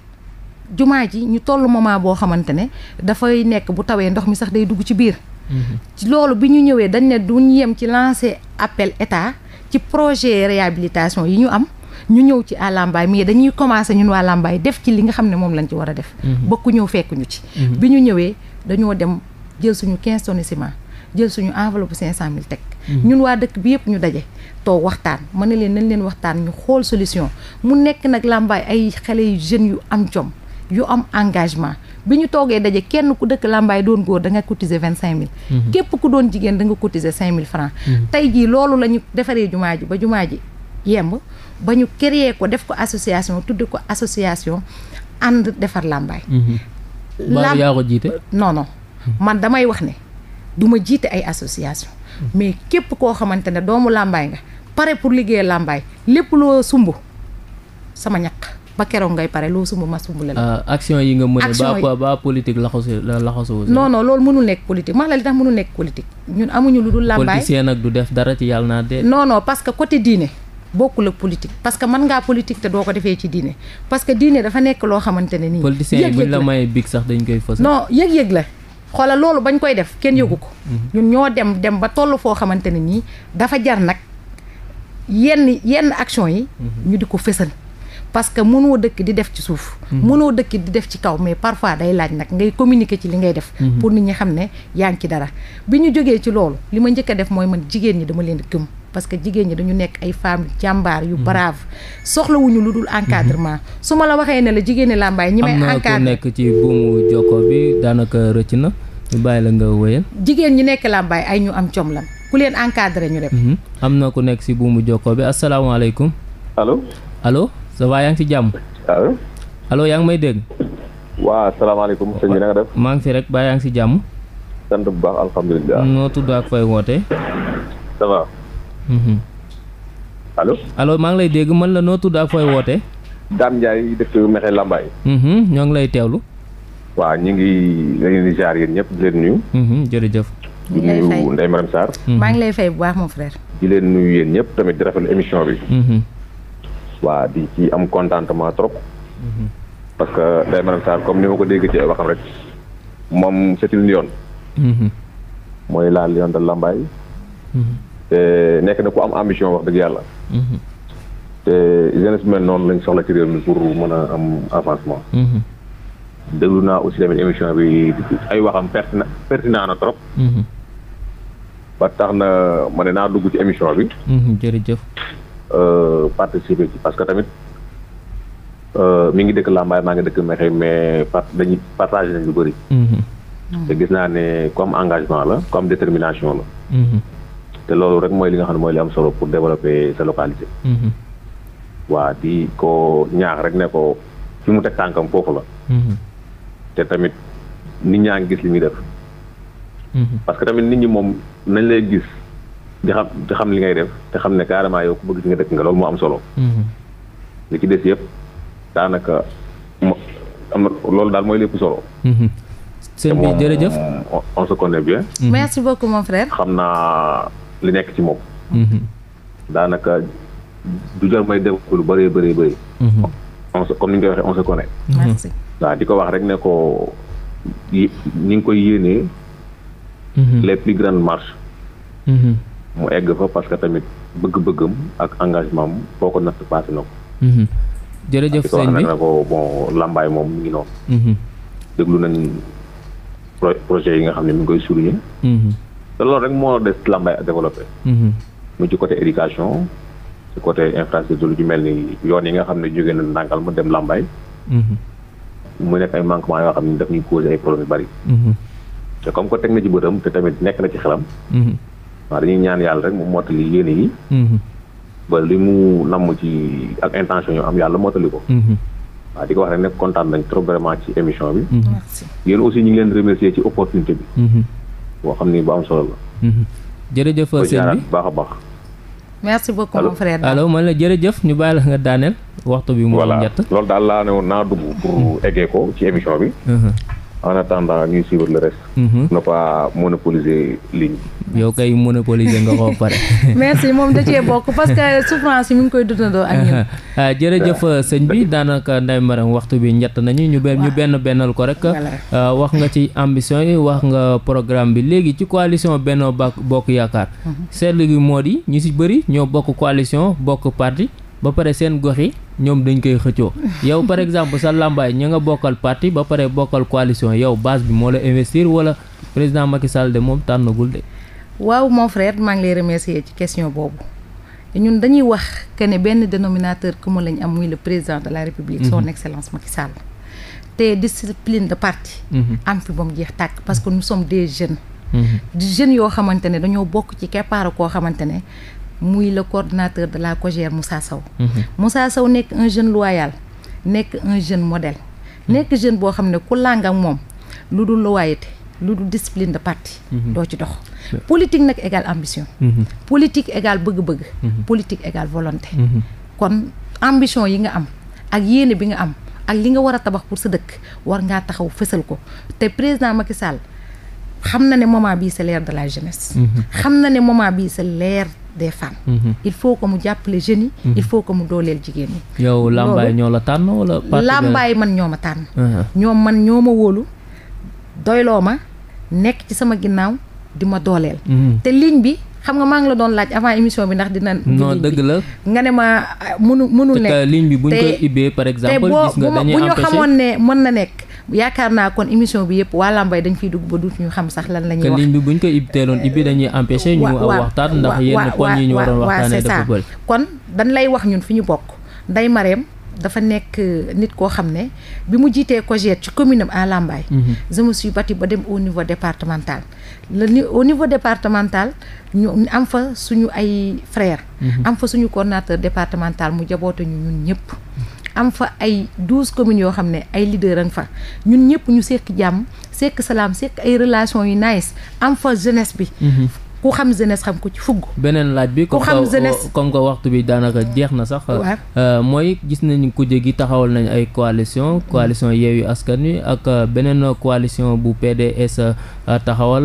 jumaa ji ñu toll moment boo xamante ne dafay nekk bu tawee ndox mi sax day dugg ci biir mm-hmm. loolu bi ñu ñëwee dañ ne duñ yem ci lancer appel état ci projet réhabilitation yi ñu am ñu ñëw ci à Lambaye mais dañuy commencé ñun waa Lambaye def ci li nga xam ne moom lañ ci war a def mhm. bokku ñëw fekk ñu ci mhm. bi ñu ñëwee dañoo dem jël suñu quinze tonnes ciment jël suñu enveloppe cinq cent mille teg mhm. ñun waa dëkk bi yëpp ñu daje toog waxtaan mën na leen nañ leen waxtaan ñu xool solution mu nekk nag Lambaye ay xale yu jeunes yu am jom yu am engagement bi ñu toogee daje kenn ku dëkk làmbaay doon góor da nga cotiser vingt cinq mille mhm. képp ku doon jigéen danga nga cotiser cinq mille francs mhm. tey jii loolu la ñu defaree jumaa ji ba jumaa ji yemb ba ñu créer ko def ko association tudd ko association ànd defar làmbaay mhm. laa yaa ko jiite non man damay wax ne duma jiite ay association mais képp koo xamante ne doomu làmbaay nga pare pour liggéey làmbaay lépp loo sumb sama ñaq ba keroog ngay pare loolu sumb mas sumb la. Ah, action yi nekk politique max la li tax mënul nekk politique ñun amuñu lu dul. làmbaay politicien nag du def dara ci yàlla naa de. non non parce que man diine bokkul ak politique parce que mën ngaa politique te doo ko defee ci diine parce que diine dafa nekk loo xamante ne nii. politicien koy fës. non yëg-yëg la. xoolal loolu bañ koy def kenn yëgu ko. Mhm. ñun ñoo dem dem ba toll foo xamante ne nii dafa jar nag yenn yenn action yi. Mhm. ñu di ko fësal. parce que mënoo dëkk di def ci suuf. Mhm. mënoo dëkk di def ci kaw mais parfois day laaj nag ngay communiqué ci li ngay def. Mhm. pour nit ñi xam ne yaa ngi ci dara. bi ñu jógee ci loolu li ma njëkk a def mooy man jigéen ñi dama leen di gëm parce que jigéen ñi dañu nekk ay femmes jàmbaar yu mhm. brave soxlawuñu lu dul encadrement su ma la waxee ne la jigéen ñi làmbaay ñi may encadré am na ku nekk ci na la nga wéyal. jigéen ñi nekk làmbaay ay ñu am coom lan ku leen encadré ñu dem. am na ku nekk si buumu jokkoo bi asalaamaaleykum. allo allo. ça va yaa ngi ci jàmm. allo. allo yaa ngi may dégg. waa salaamaaleykum sëñ bi na nga def. maa ngi fi rek ba yaa ngi ci jàmm. sant bu baax alhamdulilah. noo tudd ak fay woote. ça va. Mhm. allo. allo maa ngi lay dégg man la noo tudd ak fay woote. Dame Ndiaye dëkk Mexe Lambaay. Mhm, ñoo ngi lay teewlu. waaw ñu ngi leen di jaar yéen ñëpp di leen nuyu. Mhm, jërëjëf. di nuyu Ndeye Marème Sarr. maa ngi lay fay bu baax mon frère. di leen nuyu yéen ñëpp tamit di rafetlu émission bi. waa di ci am contentement trop. Mhm. parce que Ndeye Marieme Sarr comme ni dégg ci waxam rek moom c'est une lionne. Mhm. mooy la lionne de Lambaye. Mhm. te nekk na ku am ambition wax dëgg yàlla. te jeunesse mel noonu lañ soxla ci réew mi a am avancement. déglu naa aussi tamit émission bi ay waxam pertinent pertinent na trop. ba tax na ma ne naa dugg ci émission bi. jërëjëf. Euh, participer ci parce que tamit euh, mu ngi dëkk Lambaye maa ngi dëkk Mexe mais part dañuy partagé nañ lu mm-hmm. Mm-hmm. te gis naa ne comme engagement la comme détermination la. Mm-hmm. te loolu rek mooy li nga xam ne mooy li am solo pour développer sa localité. waa di ko ñaax rek ne ko fi mu teg tànkam foofu la. te tamit nit ñaa ngi gis li muy def. parce que tamit nit ñi moom nañ lay gis. di xam di xam li ngay def te xam ne carrément yow ku bëgg ci nga dëkk nga loolu moo am solo. Mhm. li ci des yëpp daanaka mo am loolu daal mooy lépp solo. Mhm. sëñ bi jërëjëf on se connaît bien. Mhm. merci beaucoup mon frère. xam naa li nekk ci moom. daanaka du jar may def lu bëree bëri comme ni nga ko waxee on se connaît. di ko wax rek ne ko ñi ngi koy yéenee. les plus grandes marches. mu egg fa parce que tamit bëgg-bëggam ak engagement am foo ko natt passé a ko. Mhm. jërëjëf sëñ bi ko bon moom mi ngi noonu. Mhm. déglu nañ projet yi nga xam ne mi ngi koy souligner. Mhm. te loolu rek moo des làmbaay a développé. mu yi na ndànkal mu dem làmbaay. mu nekk ay manquement yoo xam ne daf ñuy causé ay problèmes yu bari. te comme que teg na ci bëtam te tamit nekk na ci xelam. waaw dañuy ñaan yàlla rek mu mottali yéene yi. Mhm. ba li mu namm ci ak intention yu am yàlla mottali ko. Mhm. waaw di ko wax rek nekk kontaan nañ trop vraiment ci émission bi. Mhm. merci yéen aussi ñu ngi leen remercier ci opportunité bi. boo xam ni bu am solo la. jërëjëf sëñ bi baax a baax. merci beaucoup mon frère. allo man la jërëjëf ñu bàyyi la nga daaneel waxtu bi. mu ngi loolu daal laa ne woon naa dugg pour eggee ko ci émission bi. en attendant ñuy suivre le reste. Mhm. ne pas ligne bi. yow kay monopoliser nga ko pare. merci moom da bokk parce que souffrance yi mi ngi koy dundandoo ak ñun. Ah, jërëjëf sëñ bi daanaka Ndeye Marème waxtu bi ñett nañu ñu benn ñu benn bennal ko rek. Ah, wax nga ci ambition yi wax nga programme bi léegi ci coalition Benno Bokk Yaakaar. Mhm. seetlu gi moo di ñu si bëri ñoo bokk coalition bokk parti. ba pare seen gox yi ñoom dañ koy xëccoo yow par exemple sa làmbaay ña nga bokkal parti ba pare bokkal coalition yow base bi moo la investir wala président Macky Sall de moom tànnagul de. waaw mon frère maa ngi lay remercier ci question boobu ñun dañuy wax que ne benn dénominateur commun lañ am muy le président de la république. son mhm. excellence Macky Sall. te discipline de parti. Mhm. am fi ba mu jeex tàkk parce que nous sommes des jeune mhm. di jeunes yoo xamante ne dañoo bokk ci keppaara koo xamante ne muy le coordinateur de la COJER Moussa Sow mhm. Moussa saw nekk un jeune loyal nekk un jeune modèle mhm. nekk jeune boo xam ne ku làng ak moom lu dul loyauté lu dul discipline de parti mhm. doo ci dox politique nag égal ambition politique égale bëgg-bëgg politique égale volonté kon ambition yi nga am ak yéene bi nga am ak li nga war a tabax pour sa dëkk war ngaa taxaw fësal ko te président Macky Sall xam na ne moment bii c'est l'ère de la jeunesse xam na ne moment bi c'est leer des femmes. Mhm. il faut que mu jàppale jeunes yi. Mhm. il faut que mu dooleel jigéen ñi. yow Lambaye ñoo la tànn wala. Lambaye man ñoo ma tànn. Uh-huh. ñoom man ñoo ma wóolu doyloo ma nekk ci sama ginnaaw di ma dooleel. Mhm. te ligne bi xam nga maa ngi la doon laaj avant émission bi ndax dina. non dëgg la nga ne ma ah, mënu mënul nekk. ligne bi buñ ko ibbee par exemple. gis nga dañuy bu ñu xamoon ne mën na nekk. yaakaar naa kon émission bi yëpp waa Lambaye dañ fiy dugg ba duut ñu xam sax lan la ñuy wax. ligne bi buñ ko teeloon euh, ibbi dañuy empêcher. ñu waxtaan ndax yenn poñ yi ñu waroon waxtaanee kon dañ lay wax ñun fi ñu bokk Ndeye Marème dafa nekk euh, nit koo xam ne bi mu jiitee COJER ci commune am à Lambaye. Mhm. je me suis ba dem au niveau départemental. le au niveau départemental ñu am fa suñu ay frères. Mhm. am fa suñu coordonnateur départemental mu jaboote ñu ñun ñëpp. Mhm. am fa ay douze communes yoo xam ne ay leader a fa ñun ñëpp ñu sekk jàmm sekk salaam sekk ay relation yu nice am fa jeunesse bi mhm. ku xam jeunesse xam ko ci fugg beneen laaj bi ku xam jeunesse comme que waxtu bi daanaka jeex na sax euh, mooy gis nañu kuje gi taxawal nañ ay coalition mhm. coalition Yewwi Askan Wi ak euh, beneen coalition bu PDS euh, taxawal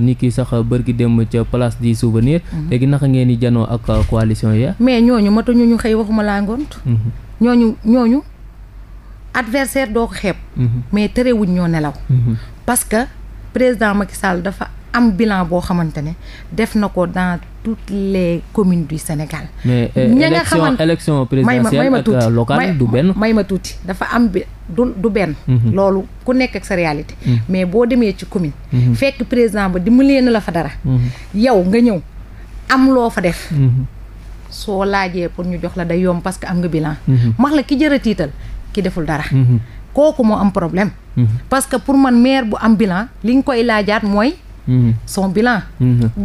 ni ki sax bërki dem ca place di souvenir mhm. léegi naka ngeen di janoo ak coalition ya mais ñooñu matuñu ñu xëy waxuma laa ñooñu ñooñu adversaire doo ko xeeb. Mhm. mais terewuñ ñoo nelaw. Mhm. parce que président Macky Sall dafa am billant boo xamante ne def na ko dans toutes les communes du Sénégal. Euh, ña nga xamante élection présidentielle ak euh, locale du benn may ma tuuti dafa am bi du du benn. Mhm. loolu ku nekk ak sa réalité. mais boo demee ci commune. fekk président ba dimbalee leen la fa dara. yow nga ñëw am loo fa def. soo laajee pour ñu jox la day yomb parce que am nga bilan. Mhm. max la ki jërë tiital ki deful dara. Mhm. kooku moo am problème. Mhm. parce que pour man maire bu am bilan li nga koy laajaat mooy. son bilan.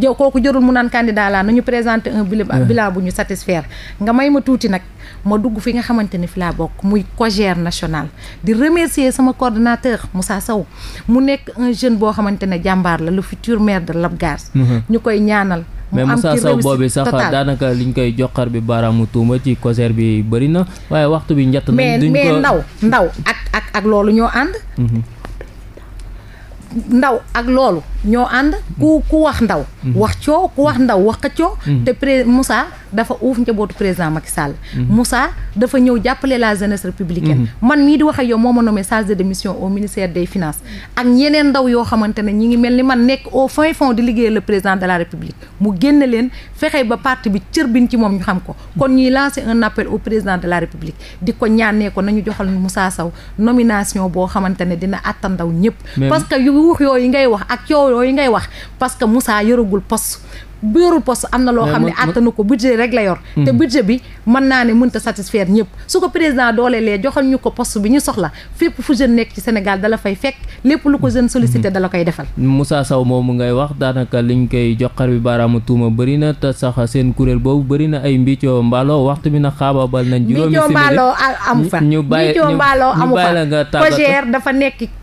jo kooku jërul mu naan candidat na ñu présenté un bilan bu ñu satisfaire nga may ma tuuti nag ma dugg fi nga xamante ni fi laa bokk muy COJER national di remercier sama coordonnateur Moussa Sow mu nekk un jeune boo xamante ne jàmbaar la le futur maire de Labgar. ñu mais Moussa Sow boobu sax daanaka liñ koy joxar bi baaraamu tuuma ci concert bi bëri na waaye waxtu bi njëtt nañ. duñ ko mais mais ndaw ndaw ak ak ak loolu ñoo ànd. Mhm. ndaw ak loolu ñoo ànd ku ku wax ndaw mhm. wax coow ku wax ndaw wax xëccoo mhm. te pré Moussa dafa uuf njabootu président Macky Sall mhm. Moussa dafa ñëw jàppale la jeunesse républicaine man mii di wax ak yow moo ma nommé chargé au ministère des finances ak ñeneen ndaw yoo ne ñi ngi mel ni man nekk au fin fond di liggéeyal le président de la république mu génn leen fexe ba parti bi cër biñ ci moom ñu xam ko kon ñuy lancer un appel au président de la république di ko nañu joxal Moussa Sow nomination boo xamante ne dina àttan ndaw ñëpp parce que tuux yooyu ngay wax ak coow yooyu ngay wax parce que Moussa yoragul poste bu yorul poste am na loo xam ne àttanu ko budget rek la yor te hmm. budget bi mën naa ne mënta satisfaire ñëpp su ko président dooleelee joxal ñu ko poste bi ñu soxla fépp fu jeune nekk ci Sénégal dala fay fekk lépp lu ko jeune sollicité hmm. dala koy defal Moussa Sow moomu ngay wax daanaka liñ koy joxar bi baaraamu tuuma bëri na te sax seen kuréel boobu bëri na ay mbiicoo mbaaloo waxtu bi na xaababal nañ juróomi simili mbiicoo mbaaloo amu fa mbiicoo mbaaloo amu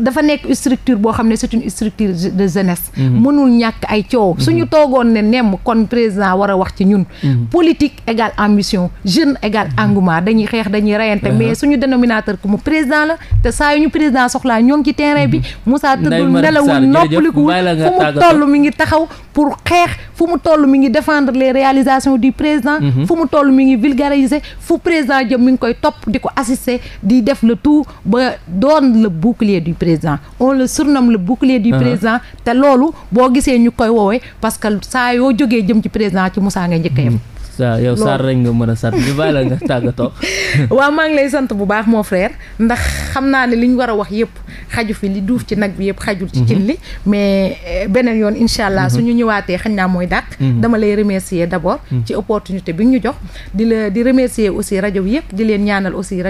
dafa nekk structure boo xam ne c'est structure de jeunesse mhm. mënul ñàkk ay coow mhm. suñu toogoon ne nemm kon président war a wax ci ñun mhm. politique égal ambition jeune égal engouement dañuy xeex dañuy reyante uh-huh. mais suñu dénominateur ku mu président la te saa yu ñu président soxlaa ñoo ngi ci terrain bi musa tëddul nelawul noppalikuwul fu mu toll mi ngi taxaw pour xeex fu mu toll mi ngi défendre les réalisations du président fu mu toll mi ngi vulgariser fu président jëm mi ngi koy topp di ko assister di def le tout ba doon le bouclier bouclier du président on le surnomme le bouclier du ah. président te loolu boo gisee ñu koy woowee parce que saa yoo jógee jëm ci président ci Moussa nga njëkk a yem waaw hmm. yow Sarr rek nga mën a sant ñu bàyyi la nga tàggatoo. bu baax moo frère ndax xam naa ne li ñu war a wax yëpp xaju fi li duuf ci nag bi yëpp xajul ci hmm. cin li mais eh, beneen yoon incha allah hmm. su ñu ñëwaatee xañ naa mooy dàq. dama lay remercier d' abord. ci opportunité bi ñu jox di la di remercier aussi rajo bi yëpp di leen ñaanal aussi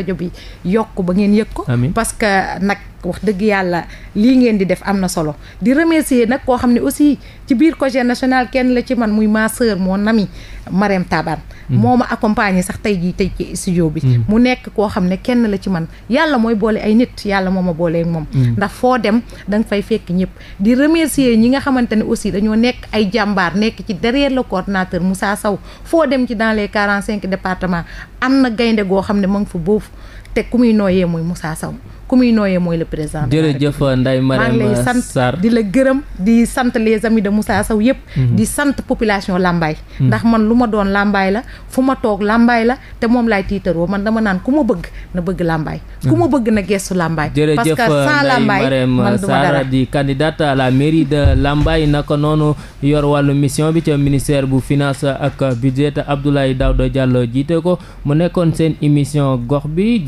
wax dëgg yàlla lii ngeen di def am na solo di remercier nag koo xam ne aussi ci biir projet national kenn la ci man muy ma sœur mon ami Marème Taban mm. moo ma accompagner sax tey jii tey ci studio bi mm. mu nekk koo xam ne kenn la ci man yàlla mooy boole ay nit yàlla moo ma boole moom mm. ndax foo dem da nga fay fekk ñëpp di remercier ñi nga xamante ne aussi dañoo nekk ay jàmbaar nekk ci derrière le coordonnateur Moussa Sow foo dem ci dans les quarante cinq départements am na gaynde goo xam ne ma ngi fa boofu te ku muy muy Moussa Sow ku muy nooyee mooy la président jërëjëf Ndeye Marème Sarr maa ngi lay sant di la gërëm di sant les amis de Moussa Sow mhm. di sant population Lambaye mhm. ndax man lu ma doon Lambaye la fu ma toog Lambaye la te moom laay tiitaroo man dama naan ku ma bëgg na bëgg Lambaye ku ma mhm. bëgg na gestu Lambaye parce que sans Lambaye man du ma dara di candidate à la mairie de Lambaye naka noonu yor wàllu mission bi ca ministère bu finance ak budget Abdoulaye Daouda Diallo jiite ko mu nekkoon seen émission gox bi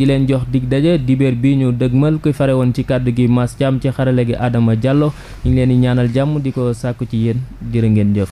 dëgmal kuy fare woon ci kàddu gi Mass Thiam ci xarale gi aadama Diallo ñu leen di ñaanal jàmm di ko sàkku ci yéen jërë ngeen jëf